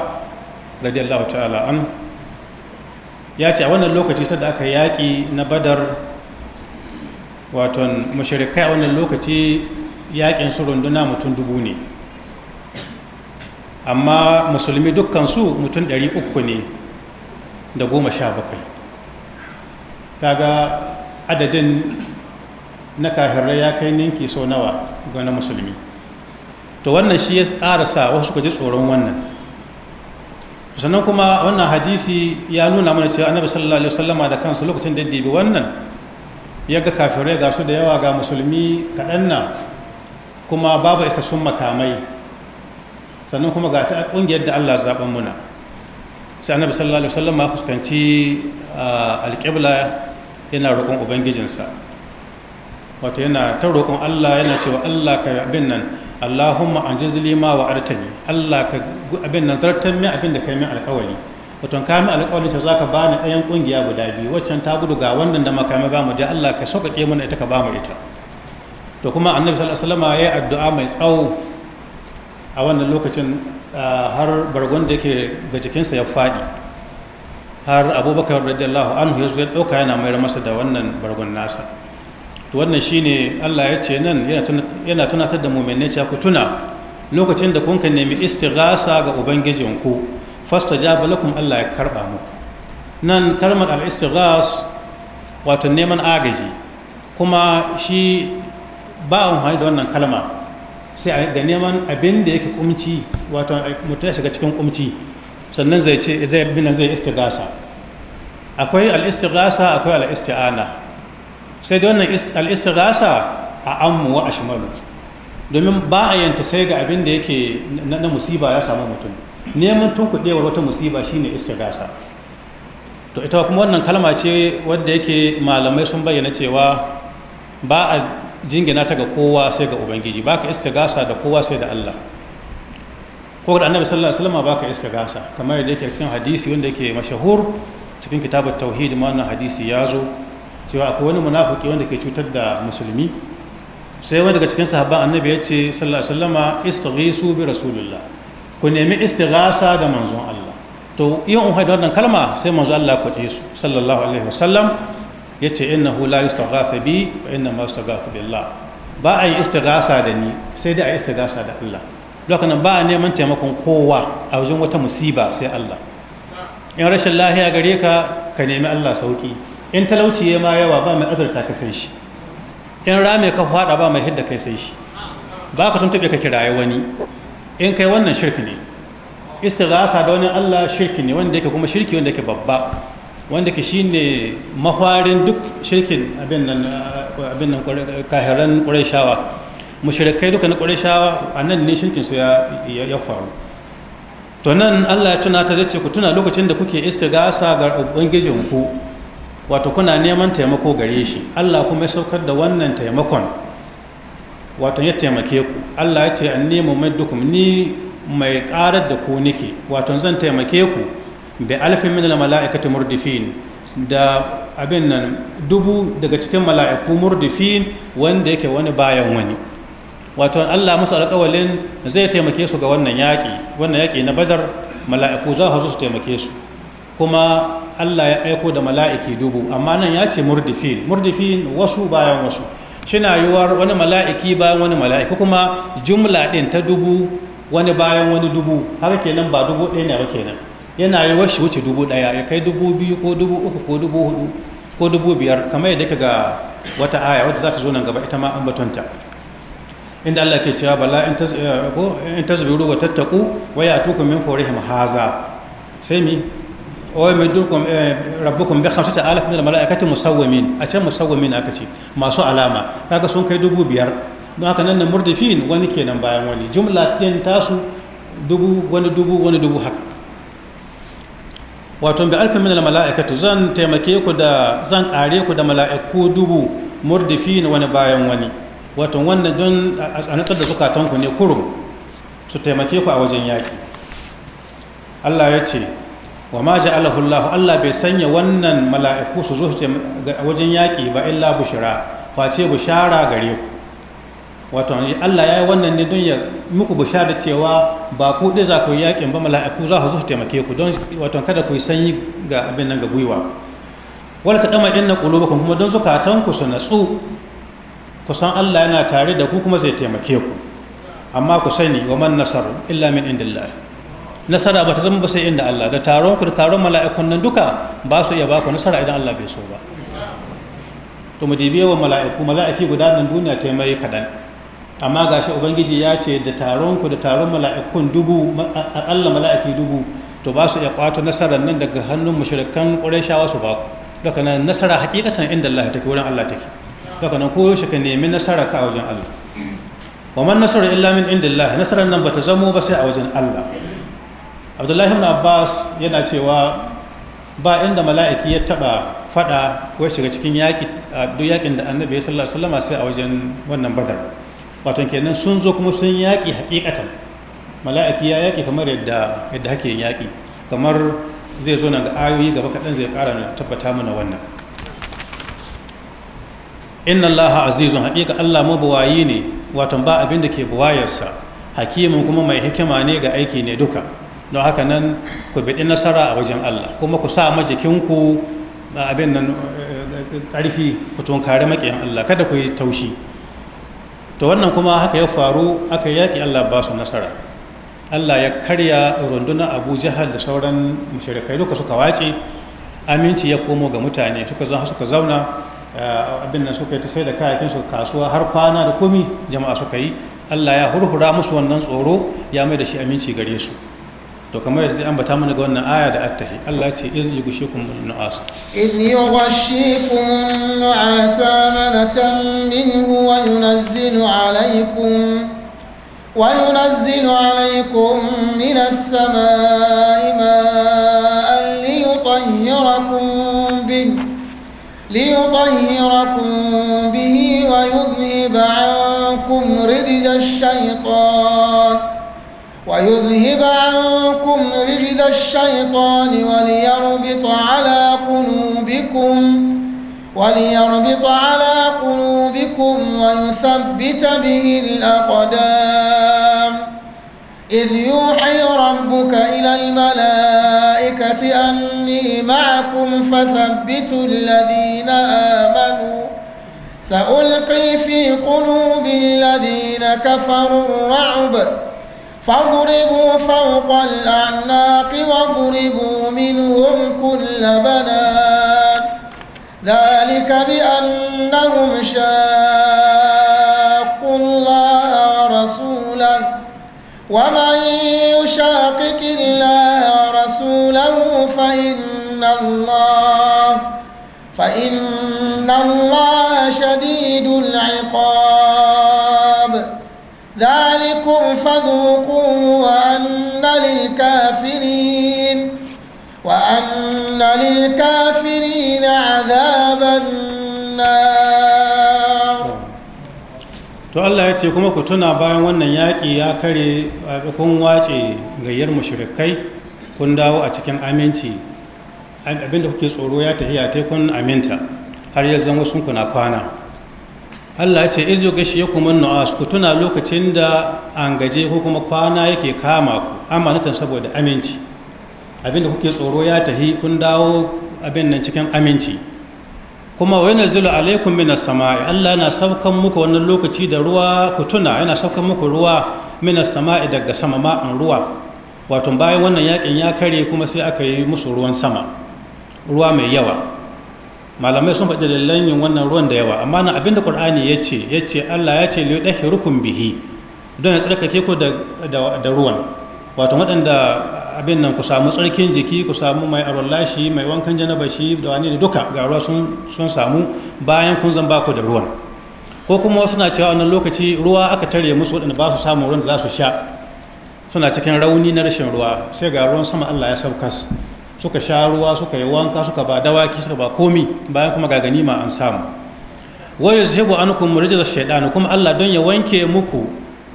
radiyallahu ta'ala an ya ce a wannan lokaci sadda aka yaƙi na badar waton mashirikai a wannan lokaci yaƙin su runduna mutum dubu ne amma musulmi dukkansu mutum ɗari uku ne da goma sha bakwai kaga adadin na kahirar ya kai ninki sau nawa ga na musulmi to wannan shi ya tsara sa wasu suka ji tsoron wannan sannan kuma wannan hadisi ya nuna mana cewa annabi sallallahu alaihi wasallama da kansa lokacin da dibi wannan ya ga kafirai ga su da yawa ga musulmi kaɗan na kuma babu isassun makamai sannan kuma ga ta ƙungiyar da Allah zaɓen muna sai annabi sallallahu alaihi wasallama fuskanci ah, alƙibla yana roƙon ubangijinsa wato yana ta roƙon Allah yana cewa Allah ka abin nan Allahumma anjizli ma wa artani Allah ka abin nan zartan min abin da kai min alƙawari wato ka min alƙawari ta zaka bani ɗayan ƙungiya guda biyu waccan ta gudu ga wannan da makamai ba bamu da Allah ka sauƙaƙe mana ita ka bamu ita to kuma annabi sallallahu alaihi wasallam ya yi addu'a mai tsawo a wannan lokacin har bargon da yake ga jikinsa ya faɗi har abubakar radiyallahu anhu ya zo ya ɗauka yana mayar masa da wannan bargon nasa to wannan shine Allah ya ce nan yana tunatar da mu'minai cewa ku tuna lokacin da kunka nemi istighasa ga ubangijinku fastajaba lakum Allah ya karba muku nan kalmar al-istighas wato neman agaji kuma shi ba amfani da wannan kalma sai ga neman abin da yake kumci wato mutum ya shiga cikin kumci sannan zai ce zai bina zai istigasa akwai al-istigasa akwai al-isti'ana sai da wannan al'istirasa a ammu wa ashmalu domin ba a yanta sai ga abin da yake na musiba ya samu mutum neman tunkuɗewar wata musiba shine istirasa to ita kuma wannan kalma ce wadda yake malamai sun bayyana cewa ba a jingina ta ga kowa sai ga ubangiji ba ka istigasa da kowa sai da allah ko da annabi sallallahu alaihi wasallam ba ka istigasa kamar yadda yake cikin hadisi wanda yake mashahur cikin kitabar tauhid ma wannan hadisi ya zo cewa akwai wani munafiki wanda ke cutar da musulmi sai wani daga cikin sahabban annabi ya ce sallallahu alaihi wasallama istaghisu bi rasulillah ku nemi istighasa da manzon Allah to yin umar da wannan kalma sai manzon Allah ya kwace su sallallahu alaihi wasallam ya ce innahu la yustaghatha bi wa inna ma yustaghatha billah ba a yi istighasa da ni sai dai a yi istighasa da Allah lokacin ba a neman taimakon kowa a wajen wata musiba sai Allah in rashin lahiya gare ka ka nemi Allah sauki in talauci ya ma yawa ba mai azurta ka sai shi in rame ka fada ba mai hidda kai sai shi ba ka tuntuɓe ka kiraye wani in kai wannan shirki ne istighatha da wani Allah shirki ne wanda yake kuma shirki wanda yake babba wanda ke shine mahwarin duk shirkin abin nan abin nan kahiran qurayshawa mushrikai duka na qurayshawa anan ne shirkin su ya ya faru to nan Allah ya tuna ta zace ku tuna lokacin da kuke istighatha ga ubangijinku ku wato kuna neman taimako gare shi allah kuma ya saukar da wannan taimakon wato ya taimake ku allah ya ce an nemo mai ni mai karar da ku nike wato zan taimake ku bi alfin min mala'ikati murdifin da abin nan dubu daga cikin mala'iku murdifin wanda yake wani bayan wani wato allah musu alƙawalin zai taimake su ga wannan yaƙi wannan yaƙi na badar mala'iku za su taimake su kuma Allah ya aiko da mala'iki dubu amma nan ya ce murdifin murdifin wasu bayan wasu na yiwuwar wani mala'iki bayan wani mala'iki kuma jumla ɗin ta dubu wani bayan wani dubu haka kenan ba dubu ɗaya ne ba kenan yana yiwuwar shi wuce dubu ɗaya ya kai dubu biyu ko dubu uku ko dubu hudu ko dubu biyar kamar yadda ga wata aya wadda za ta zo nan gaba ita ma an batunta inda Allah ke cewa bala in eh, tasbiru wa tattaku wa yatukum min fawrihim haza sai mi wa yamiddukum eh, rabbukum bi khamsati alaf min al-mala'ikati musawwimin a can musawwimin aka ce masu alama kaga sun kai dubu biyar don haka nan na murdifin wani kenan bayan wani jumla din tasu dubu wani dubu wani dubu haka wato bi alfin min al-mala'ikati zan taimake ku da zan kare ku da mala'iku dubu murdifin wani bayan wani wato wannan don a natsar da zukatanku ne kurum su taimake ku a wajen yaki Allah ya ce wa ma ja'alahu Allah Allah bai sanya wannan mala'iku su zo wajen yaƙi ba illa bushira bu bushara gare ku wato Allah ya yi wannan ne don ya muku bushara cewa ba ku ɗaya za ku yi yaƙin ba mala'iku za su zo su taimake ku don wato kada ku yi sanyi ga abin nan ga gwiwa wala ta ɗama inna ƙulubu kuma don katanku su natsu ku san Allah yana tare da ku kuma zai taimake ku amma ku sani wa man nasaru illa min indillah nasara ba ta zama ba sai inda Allah da taron ku da taron mala'ikun nan duka ba su iya ba ku nasara idan Allah bai so ba to mu dibi yawan mala'iku mala'iki guda nan duniya ta mai kadan amma gashi ubangiji ya ce da taron ku da taron mala'ikun dubu Allah mala'iki dubu to ba su iya kwato nasarar nan daga hannun mushrikan qurayshawa su ba ku daga nan nasara hakikatan inda Allah take wurin Allah take daga nan koyo shi ka nemi nasara ka a wajen Allah wa man nasara illa min indillah nasarar nan bata zamo ba sai a wajen Allah abdullahi ibn abbas yana cewa ba inda mala'iki ya taba fada ko shiga cikin yaki duk yakin da annabi ya sallallahu alaihi wasallam sai a wajen wannan badar wato kenan sun zo kuma sun yaki hakikatan mala'iki ya yaki kamar yadda yadda hake yaki kamar zai zo na ga ayoyi gaba kaɗan zai ƙara na tabbata mana wannan inna allah azizun haƙiƙa allah mabuwayi ne watan ba abin da ke buwayarsa hakimin kuma mai hikima ne ga aiki ne duka don haka nan ku biɗi nasara a wajen Allah kuma ku sa majikinku abin nan eh, ƙarfi ku tunkari maƙiyan Allah kada ku yi taushi to wannan kuma haka ya faru aka yaƙi Allah ba su nasara Allah ya karya runduna Abu Jahal da sauran mushrikai duka suka wace aminci ya komo ga mutane suka zo suka zauna eh, abin nan suka yi ta sai da kayakin su kasuwa har kwana da komi jama'a suka yi Allah ya hurhura musu wannan tsoro ya mai da shi aminci gare su to kamar yadda zai ambata mana ga wannan aya da attahi Allah ce iz yughshikum nu'as iz yughshikum nu'as amanatan minhu wa yunazzilu alaykum wa yunazzilu alaykum min as-samaa'i ma'an liyutahhirakum bih liyutahhirakum bihi wa yudhhiba 'ankum ridja ash-shaytan ويذهب عنكم الشيطان وليربط على قلوبكم وليربط على قلوبكم ويثبت به الأقدام إذ يوحي ربك إلى الملائكة أني معكم فثبتوا الذين آمنوا سألقي في قلوب الذين كفروا الرعب فاضربوا فوق الأعناق واضربوا منهم كل بنات ذلك بأنهم شاقوا الله ورسوله ومن يشاقق الله ورسوله فإن الله فإن الله شديد العقاب فذوقوا وأن للكافرين وأن للكافرين عذاب to Allah ya ce kuma ku tuna bayan wannan yaƙi ya kare kun wace gayyar mushrikai kun dawo a cikin aminci abinda kuke tsoro ya tahiya kun aminta har ya zama wasu kuna kwana Allah ya ce izo gashi kuma nu'as ku tuna lokacin da an gaje ko kuma kwana yake kama ku amanatan saboda aminci abinda kuke tsoro ya tahi kun dawo abin nan cikin aminci kuma wa zilu alaikum minas sama'i Allah yana saukan muku wannan lokaci da ruwa ku tuna yana saukan muku ruwa minas sama'i daga sama ma'an ruwa wato bayan wannan yakin ya kare kuma sai aka yi musu ruwan sama ruwa mai yawa malamai sun faɗi dalilan yin wannan ruwan da yawa amma na abinda qur'ani ya ce ya ce allah ya ce liyu ɗahi rukun bihi don ya tsarkake ku da ruwan wato waɗanda abin nan ku samu tsarkin jiki ku samu mai arollashi mai wankan janabashi da wani ne duka ga ruwa sun samu bayan kun zan baku da ruwan ko kuma wasu na cewa wannan lokaci ruwa aka tare musu waɗanda ba su samu ruwan da za su sha suna cikin rauni na rashin ruwa sai ga ruwan sama allah ya saukas suka sha ruwa suka yi wanka suka ba dawaki suka ba komi bayan kuma ga ma an samu wa an ankum rijza shaytan kuma Allah don ya wanke muku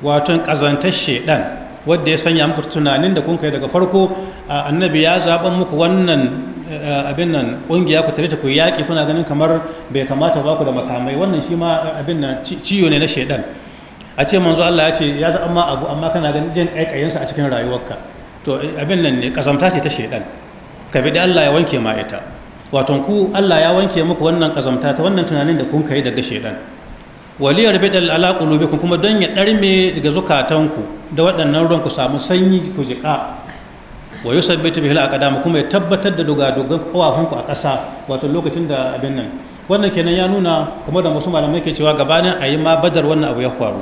waton kazantar shaytan wanda ya sanya muku tunanin da kun kai daga farko annabi ya zaban muku wannan abin nan kungiya ku tare ta ku yaki kuna ganin kamar bai kamata ba ku da makamai wannan shi ma abin nan ciyo ne na shaytan a ce manzo Allah ya ce ya zaɓa ma abu amma kana ganin jin kaikayensa a cikin rayuwarka to abin nan ne kazanta ce ta shaytan ka bi da Allah ya wanke ma ita wato ku Allah ya wanke muku wannan kazamta ta wannan tunanin da kun kai daga shedan waliyar bidal ala qulubikum kuma don ya darme daga zukatanku da waɗannan ruwan ku samu sanyi ku jika wa yusabbitu bihi al-aqdam kuma ya tabbatar da dugadugan ku a ƙasa wato lokacin da abin nan wannan kenan ya nuna kuma da wasu malamai ke cewa gabanin a yi ma badar wannan abu ya faru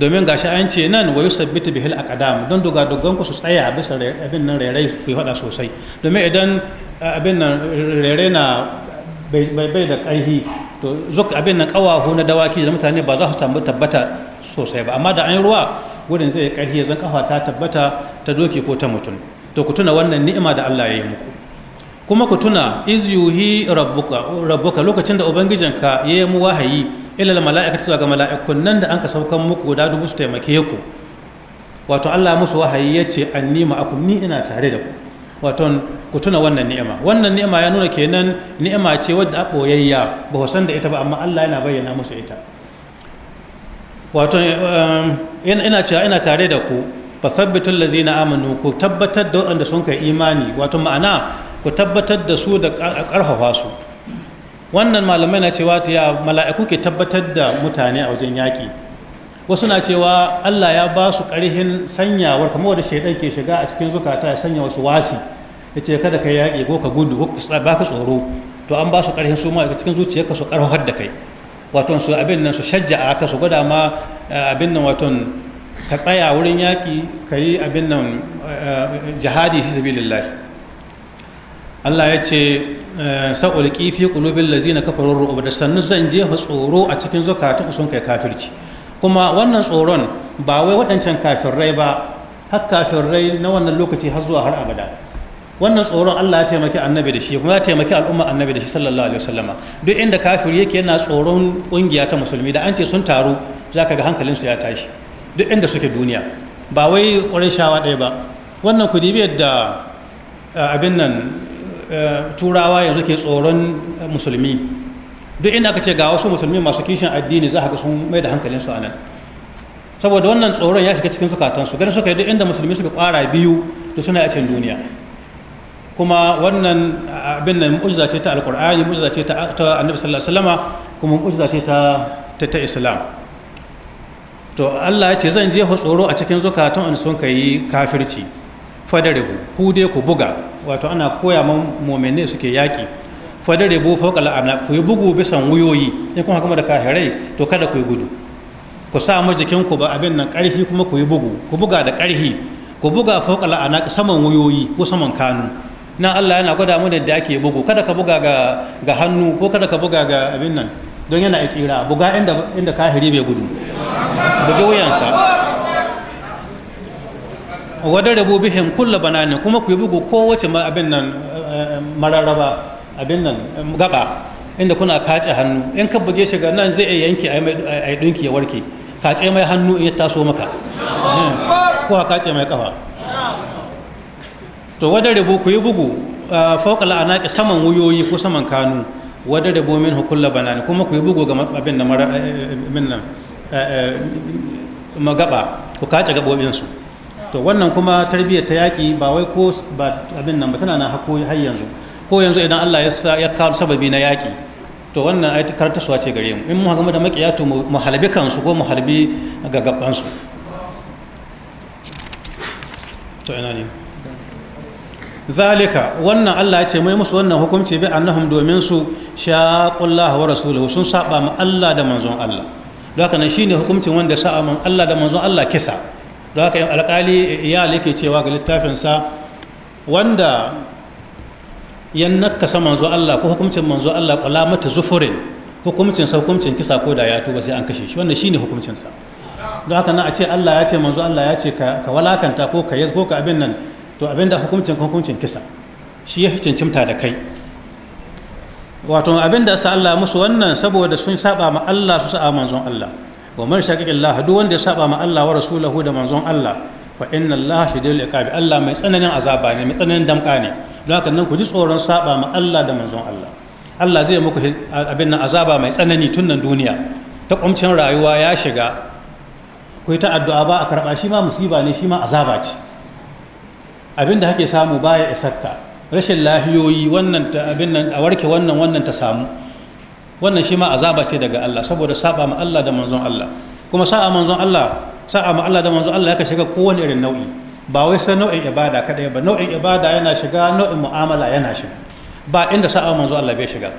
domin gashi an ce nan wa yusabbitu bihil aqdam don doga dogon ku su tsaya bisa abin nan rairai ku hada sosai domin idan abin nan rairai na bai da karhi to zuk abin nan kawahu na dawaki da mutane ba za su samu tabbata sosai ba amma da an yi ruwa wurin zai karhi zan kafa ta tabbata ta doki ko ta mutum to ku tuna wannan ni'ima da Allah ya yi muku kuma ku tuna iz yuhi rabbuka rabbuka lokacin da ubangijinka ya yi mu wahayi ilal mala'ika zuwa ga mala'ikun nan da an ka saukan muku guda dubu su taimake ku wato Allah musu wahayi ya ce anni ma'akum ni ina tare da ku wato ku tuna wannan ni'ima wannan ni'ima ya nuna kenan ni'ima ce wadda a boyayya ba san da ita ba amma Allah yana bayyana musu ita wato um, ina cewa ina tare da ku fasabbitul lazina amanu ku tabbatar da waɗanda sun kai imani wato ma'ana ku tabbatar da su da ƙarfafa su wannan malamai na cewa ta ya mala'iku ke tabbatar da mutane a wajen yaƙi wasu na cewa allah ya ba su ƙarhin sanyawar kamar wanda shaidan ke shiga a cikin zukata ya sanya wasu wasi ya ce kada ka yaƙi ko ka gudu ko ba ka tsoro to an ba su ƙarhin su ma cikin ka su ƙarfafar da kai wato su abin nan su shajja'a ka su gwada ma eh, abin nan wato ka tsaya wurin yaƙi ka yi abin nan eh, eh, jihadi fi sabilillah Allah ya ce Eh, sa'ulki fi qulubil lazina kafaru ru'ub da sannu zan jefa tsoro a cikin zukatun sun kai kafirci kuma wannan tsoron ba wai waɗancan kafirrai ba har kafirai na wannan lokaci har zuwa har abada wannan tsoron Allah ya taimaki annabi da shi kuma ya taimaki al'umma annabi da shi sallallahu alaihi wasallama duk inda kafir yake yana tsoron kungiya ta musulmi da an ce sun taru zaka ga su ya tashi duk inda suke duniya ba wai kwarai shawa ɗaya ba wannan ku da yadda eh, abin nan Eh, turawa yanzu ke tsoron musulmi duk inda aka ce ga wasu musulmi masu kishin addini za ga sun mai da hankalinsu a nan saboda wannan tsoron ya shiga cikin zukatansu ganin suka yi duk inda musulmi suka kwara biyu da suna yacin duniya kuma wannan abin nan mu'jiza ce ta alqur'ani mu'jiza ce ta annabi sallallahu alaihi wasallam kuma mu'jiza ce ta ta islam to Allah ya ce zan jefa tsoro a cikin zukatan in sun kai kafirci Fadare ku dai ku buga wato ana koya man mu'minai suke yaki bu fawqa al'anab ku yi bugu bisan wuyoyi in kuma kuma da kahirai to kada ku yi gudu ku sa mu ku ba abin nan karfi kuma ku yi bugu ku buga da karfi ku buga fawqa al'anab saman wuyoyi ko saman kanu na Allah yana gwada mu da ake bugu kada ka buga ga ga hannu ko kada ka buga ga abin nan don yana tsira buga inda inda kahiri bai gudu buga wuyansa wadda rabu bihin kulla ne kuma ku yi bugu kowace abin nan eh, eh, mararraba abin nan eh, gaba inda kuna kace hannu in ka buge shi ga nan zai iya yanke a dinki ya warke kace mai hannu in ya taso maka ko a kace mai kafa to wadda rabu ku yi bugu fauka la'anaki saman wuyoyi ko saman kanu wadda rabu min hukulla ne kuma ku yi bugu ga abin nan magaba ku kace gabobinsu to wannan kuma tarbiyyar ta yaƙi ba wai ko ba abin nan ba tana nan hako har yanzu ko yanzu idan Allah ya kawo sababi na yaƙi to wannan ai karantarsuwa ce gare mu in mu game da makiya to mu halbi kansu ko mu halbi su to ina ne zalika wannan Allah ya ce mai musu wannan hukunci bi annahum domin su shaqullahu wa rasuluhu sun saba ma Allah da manzon Allah don haka nan shine hukuncin wanda sa'a man Allah da manzon Allah kisa don haka alkali ya lake cewa ga littafinsa wanda yan nakasa manzo Allah ko hukuncin manzo Allah mata zufurin hukuncin sa hukuncin kisa ko da ya tuba sai an kashe shi wannan shine hukuncin sa don haka na a ce Allah ya ce manzo Allah ya ce ka walakanta ko ka yas ko ka abin nan to abin da hukuncin hukuncin kisa shi ya cancimta da kai wato abin da sa Allah musu wannan saboda sun saba ma Allah su sa'a manzon Allah wa man shaqiqa Allah duk wanda ya saba ma Allah wa rasulahu da manzon Allah fa inna Allah shadidul iqab Allah mai tsananin azaba ne mai tsananin damka ne don haka nan ku ji tsoron saba ma Allah da manzon Allah Allah zai muku abin nan azaba mai tsanani tun nan duniya ta kumcin rayuwa ya shiga ku ta addu'a ba a karɓa shi ma musiba ne shi ma azaba ce abin da kake samu baya isarka rashin lahiyoyi wannan abin nan a warke wannan wannan ta samu wannan shi ma azaba ce daga Allah saboda saba ma Allah da manzon Allah kuma sa'a manzon Allah sa'a ma Allah da manzon Allah yaka shiga kowane irin nau'i ba wai sai nau'in ibada kadai ba nau'in ibada yana shiga nau'in mu'amala yana shiga ba inda sa'a manzon Allah bai shiga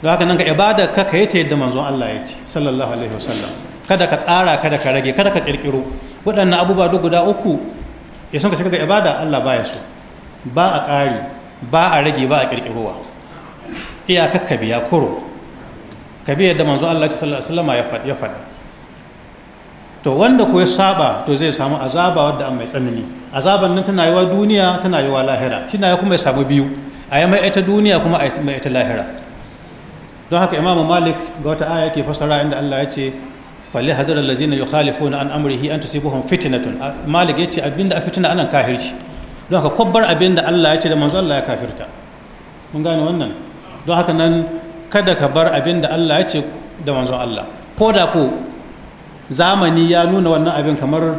don haka nan ka ibada ka kai ta yadda manzon Allah ya ce sallallahu alaihi wasallam kada ka ƙara kada ka rage kada ka kirkiro waɗannan abubuwa duk guda uku ya san ka shiga ga ibada Allah baya so ba a ƙari ba a rage ba a kirkirowa iyakakka biya kuro ka bi yadda manzo Allah sallallahu alaihi wasallam ya faɗa to wanda ko ya saba to zai samu azaba wadda an mai tsanani azaban nan tana yiwa duniya tana yiwa lahira shi na ya kuma ya samu biyu a yi mai ita duniya kuma a yi mai ita lahira don haka imamu malik ga wata aya yake fassara inda Allah ya ce falli hazar allazina yukhalifuna an amrihi an tusibuhum fitnatun malik ya ce abinda a fitina anan kafirci don haka kwabbar abinda Allah ya ce da manzo Allah ya kafirta mun gane wannan don haka nan kada ka bar abin da Allah ya ce da manzon Allah ko da ko zamani ya nuna wannan abin kamar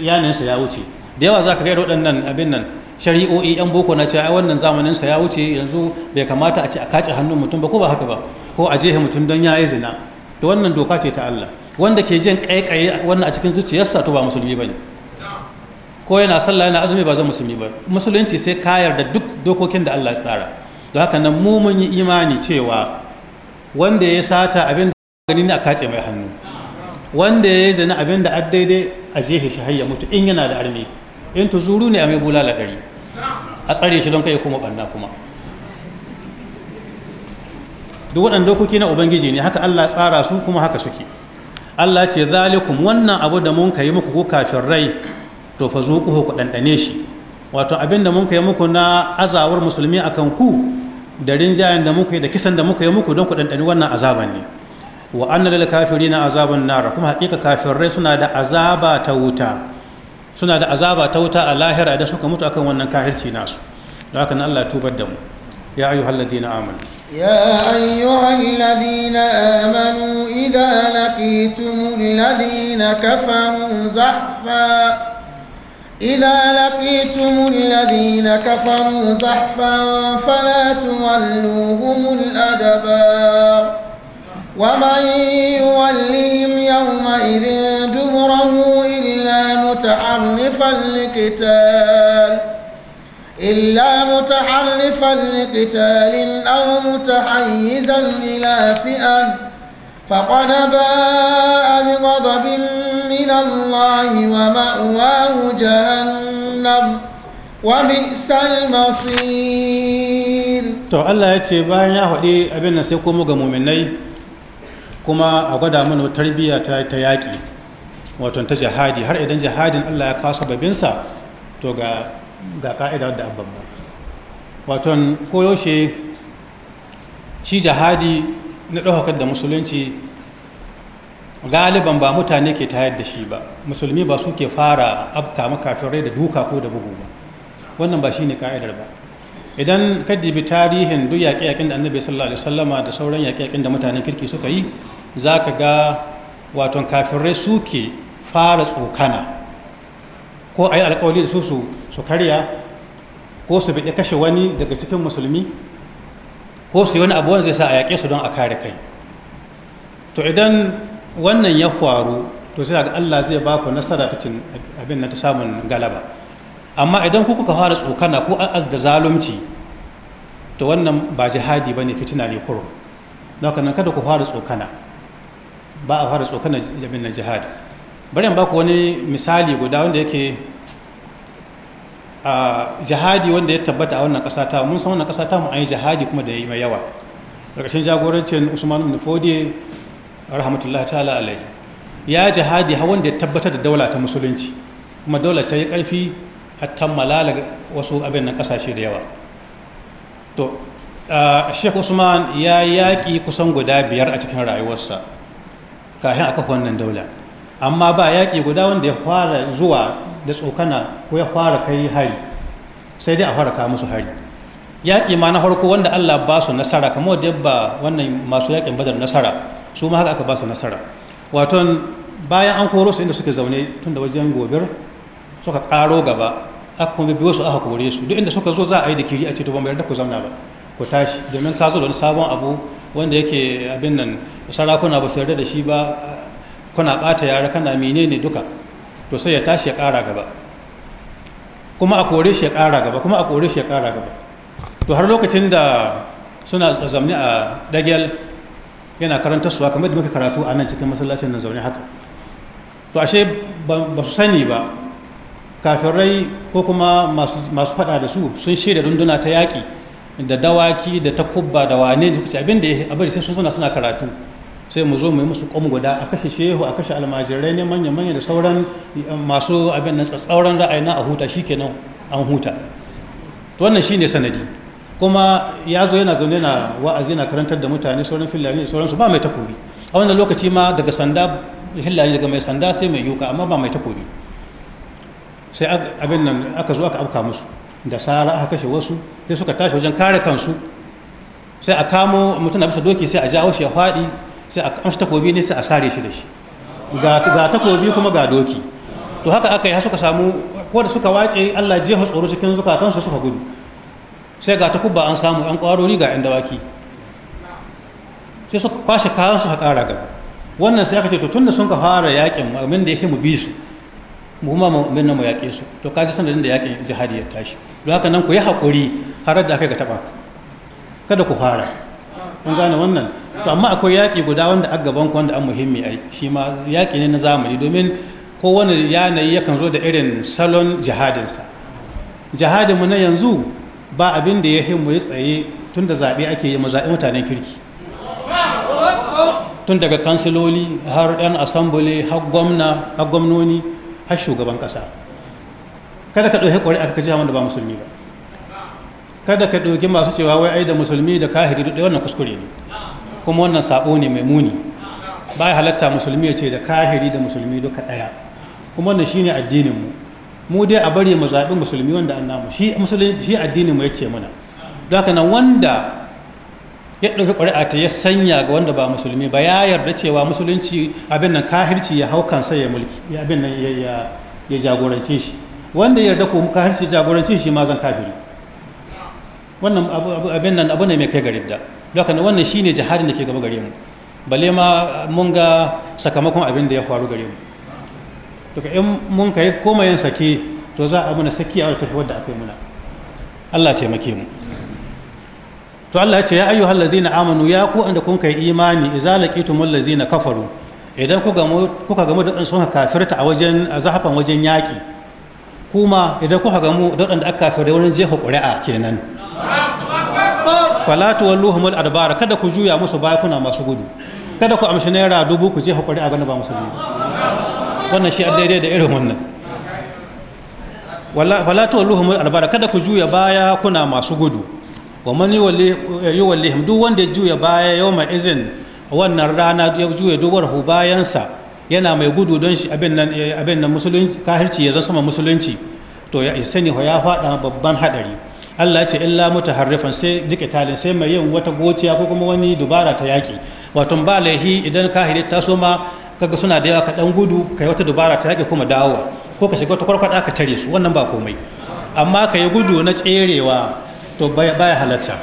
yanayinsa ya wuce da yawa za ka kai waɗannan abin nan shari'o'i yan boko na cewa wannan zamaninsa ya wuce yanzu bai kamata a ce a kace hannun mutum ba ko ba haka ba ko a jehe mutum don ya yi zina to wannan doka ce ta Allah wanda ke jin kaikaye wannan a cikin zuciyarsa to ba musulmi bane ko yana sallah yana azumi ba zan musulmi ba musulunci sai kayar da duk dokokin da Allah ya tsara don haka nan mu mun yi imani cewa wanda ya sata abin da gani ne a kace mai hannu wanda ya yi zina abin da addaidai a jehe shi hayya mutu in yana da armi in zuru ne a mai bulala gari a tsare shi don kai kuma banna kuma duk waɗanda dokoki na ubangiji ne haka allah tsara su kuma haka suke allah ce zalikum wannan abu da mun ka yi muku ko kafin rai to fa zuƙuhu ku ɗanɗane shi wato abin da muka yi muku na azawar musulmi a kan ku da rinjayen da muka yi da kisan da muka yi muku don ku ɗanɗani wannan azaban ne wa anna kafiri na azaban nar kuma haƙiƙa kafirai suna da azaba ta wuta suna da azaba ta wuta a lahira da suka mutu akan wannan kahirci nasu don haka Allah tubar da mu ya ayyuhal ladina amanu يا أيها الذين آمنوا إذا لقيتم الذين كفروا زحفاً إذا لقيتم الذين كفروا زحفا فلا تولوهم الأدبار ومن يولهم يومئذ دبره إلا متحرفا لقتال إلا متحرفا لقتال أو متحيزا إلى فئة فقد باء بغضب من الله ومأواه جهنم وبئس المصير to Allah ya ce bayan ya haɗe abin nan sai komo ga muminai kuma a gwada mana tarbiyya ta ta yaƙi wato ta jihadi har idan jihadin Allah ya kawo sababinsa to ga ga ka'ida da abban wato koyaushe shi jihadi na ɗaukakar da musulunci galiban ba mutane ke tayar da shi ba musulmi ba su ke fara abka makafirai da duka ko da bugu ba wannan ba shi ne ka'idar ba idan ka dibi tarihin duk yaƙe-yaƙen da annabi sallallahu alaihi wasallama da sauran yaƙe-yaƙen da mutanen kirki suka yi za ka ga waton kafirai suke fara tsokana ko a yi alkawali da su su karya ko su bi kashe wani daga cikin musulmi ko su yi wani abu wanda zai sa a yaƙe su don a kare kai to idan wannan ya faru to sai ga Allah zai ba ku nasara ta cin abin na ta samun galaba amma idan ku kuka fara tsokana ko an da zalunci to wannan ba jihadi bane fitina ne kurum don haka nan kada ku fara tsokana ba a fara tsokana abin na jihadi bari in baku wani misali guda wanda yake a jihadi wanda ya tabbata a wannan kasa ta mun san wannan kasa ta mu an yi jihadi kuma da yi mai yawa ƙarƙashin jagorancin usman nufodi rahmatullahi ta'ala alai ya jihadi ha wanda ya tabbatar da daula ta musulunci kuma daula ta yi karfi hatta malala wasu abin na kasashe da yawa to Sheikh Usman ya yaƙi kusan guda biyar a cikin rayuwarsa kafin a kafa wannan daula amma ba yaƙi guda wanda ya fara zuwa da tsokana ko ya fara kai hari sai dai a fara kawo musu hari yaƙi ma na farko wanda Allah ba su nasara kamar yadda ba wannan masu yaƙin badar nasara su ma haka aka ba su nasara waton bayan an koro su inda suke zaune tun da wajen gobir suka karo gaba aka kuma biyo su aka kore su duk inda suka zo za a yi da kiri a ce to da yarda ku zauna ba ku tashi domin ka zo da wani sabon abu wanda yake abin nan sarakuna ba su yarda da shi ba kuna bata yara kana menene duka to sai ya tashi ya kara gaba kuma a kore shi ya kara gaba kuma a kore shi ya kara gaba to har lokacin da suna zamani a dagel yana karanta suwa kamar da muka karatu a nan cikin masallacin nan zaune haka to ashe ba su sani ba kafirai ko kuma masu fada da su sun shirya runduna ta yaki da dawaki da takubba da wane da kuce abin da ya abin sai sun suna suna karatu sai mu zo mu yi musu ƙwam guda a kashe shehu a kashe almajirai ne manya manya da sauran masu abin nan tsatsauran ra'ayi na a huta shi kenan an huta to wannan shine sanadi kuma ya zo yana zaune na wa'azi na karantar da mutane sauran filani da sauransu ba mai takobi a wannan lokaci ma daga sanda hillani daga mai sanda sai mai yuka amma ba mai takobi sai abin nan aka zo aka abuka musu da sara aka kashe wasu sai suka tashi wajen kare kansu sai a kamo mutum na bisa doki sai a jawo shi a faɗi sai a kamshi takobi ne sai a sare shi da shi ga takobi kuma ga doki to haka aka yi suka samu ko da suka wace Allah jiha tsoro cikin zukatansu suka gudu sai ga ta kubba an samu yan kwarori ga yan dawaki sai suka kwashe kayan su haƙara gaba wannan sai aka ce to tun da sun ka fara yakin abin da ya mu bi su mu kuma mun mu yaƙe su to kaji sanadin da yakin jihadi ya tashi don haka nan ku yi haƙuri har da aka ga taba kada ku fara kun gane wannan to amma akwai yaƙi guda wanda a gaban ku wanda an muhimmi ai shi ma yaƙi ne na zamani domin kowane yanayi yakan zo da irin salon jihadinsa jihadin mu na yanzu ba abin da ya himmu ya tsaye tun da zaɓe ake yi mazaɓi mutanen kirki tun daga kansiloli har 'yan asambule har gwamna har gwamnoni har shugaban ƙasa kada ka ɗauki ƙwari a wanda ba musulmi ba kada ka ɗauki masu cewa wai ai da musulmi da kahiri duk wannan kuskure ne kuma wannan sabo ne mai muni ba halatta musulmi ya ce da kahiri da musulmi duka ɗaya kuma wannan shine addinin mu mu dai a bari mu zaɓi musulmi wanda an namu shi musulunci shi addini mu yace mana haka wanda ya ɗauki ƙuri'a ta ya sanya ga wanda ba musulmi ba ya yarda cewa musulunci abin nan kahirci ya hau kansa ya mulki ya abin nan ya jagorance shi wanda yarda ko kahirci jagorance shi ma zan kafiri wannan abin nan abu ne mai kai garibda don haka wannan shine jihadin da ke gaba gare mu balle ma mun ga sakamakon abin da ya faru gare mu to in mun kai koma yin sake to za a muna saki a wata wadda aka yi muna Allah taimake mu to Allah ya ce ya ayyuhal ladina amanu ya ku anda kun kai imani idza laqitumul ladzina kafaru idan kuka gamu kuka gamu da sun kafirta a wajen a zahafan wajen yaki kuma idan kuka gamu da wadanda aka kafirta wurin jefa ƙuri'a kenan fala tuwalluhumul adbara kada ku juya musu baya kuna masu gudu kada ku amshi naira dubu ku jefa ƙuri'a ga ba musulmi wannan shi daidai da irin wannan wala tuwalluhum albara kada ku juya baya kuna masu gudu wa yi duk wanda juya baya yau mai izin wannan rana ya juya dubar hu bayansa yana mai gudu don shi abin nan abin nan musulunci kahirci ya sama musulunci to ya sani ya faɗa babban hadari Allah ce illa mutaharrifan sai duka talin sai mai yin wata gociya ko kuma wani dubara ta yaki wato ba laihi idan kahiri ta soma kaga suna da yawa ka dan gudu kai wata dubara ta yake kuma dawo ko ka shiga wata kwarkwada ka tare su wannan ba komai amma ka yi gudu na tserewa to baya halatta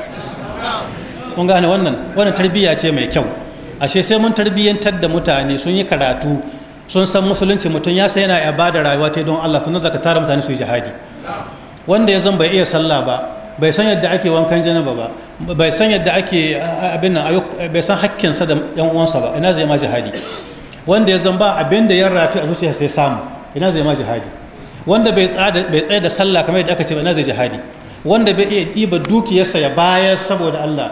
kun gane wannan wannan tarbiyya ce mai kyau ashe sai mun tarbiyyantar da mutane sun yi karatu sun san musulunci mutum ya sai yana ibada rayuwa ta don Allah sunan zaka tara mutane su yi jihadi wanda ya zan bai iya sallah ba bai san yadda ake wankan janaba ba bai san yadda ake abin nan bai san hakkinsa da yan uwansa ba ina zai ma jihadi wanda ya zamba abin da ya rafi a zuciya sai samu ina zai ma jihadi wanda bai tsaye da sallah kamar yadda aka ce ba ina zai jihadi wanda bai iya ɗiba dukiyarsa ya bayar saboda Allah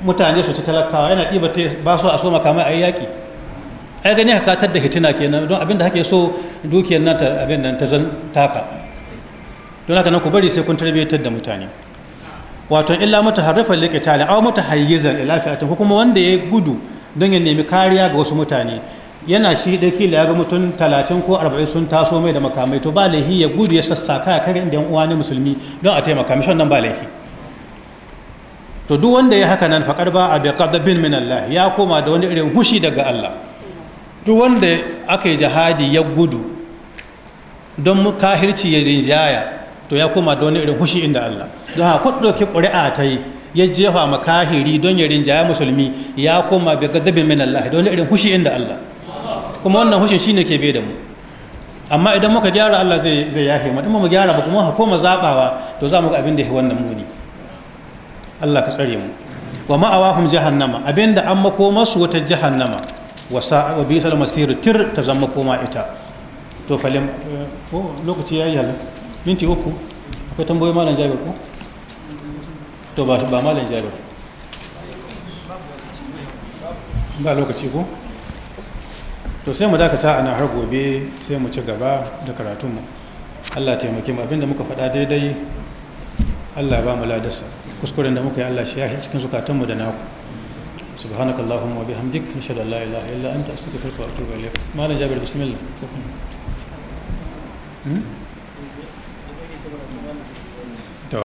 mutane su ci talakawa yana ɗiba ta ba su a so makamai a ayi yaƙi ai gani ka katar da hitina kenan don abin da hake so dukiyar nan ta abin nan ta zan taka don haka nan ku bari sai kun tarbiyyatar da mutane wato illa mutaharrifan liqitali aw mutahayyizan ila fi'atin ko kuma wanda ya gudu don ya nemi kariya ga wasu mutane yana shi da kila ya ga mutum talatin ko arba'in sun taso mai da makamai to ba laihi ya gudu ya sassa kaya kare inda uwa ne musulmi don a taimaka mishi wannan ba laihi to duk wanda ya haka nan faƙar ba a bin min Allah ya koma da wani irin hushi daga Allah duk wanda aka yi jihadi ya gudu don kahirci ya rinjaya to ya koma da wani irin hushi inda Allah don haka ku ɗauki ƙuri'a ta yi ya jefa makahiri don ya rinjaya musulmi ya koma bi gadabin min Allah don irin hushi inda Allah kuma wannan hushin shine ke bai da mu amma idan muka gyara Allah zai zai yafe mu mu gyara ba kuma koma zabawa to za mu ga abin da ya wannan muni Allah ka tsare mu wa ma'awahum jahannama abinda an makoma su wata jahannama wa sa'a bi sal masir tir ta zama koma ita to falim eh, ko lokaci yayi halin minti uku akwai tambayoyi malam Jabir ko to ba ba malam jabir ba lokaci ko to sai mu dakata ana har gobe sai mu ci gaba da karatunmu allah taimake mu abinda muka faɗa daidai allah ba mu ladarsa kuskuren da muka yi allah shi ya cikin zukatanmu da naku سبحانك اللهم وبحمدك نشهد ان لا اله الا انت استغفرك واتوب اليك ما جابر بسم الله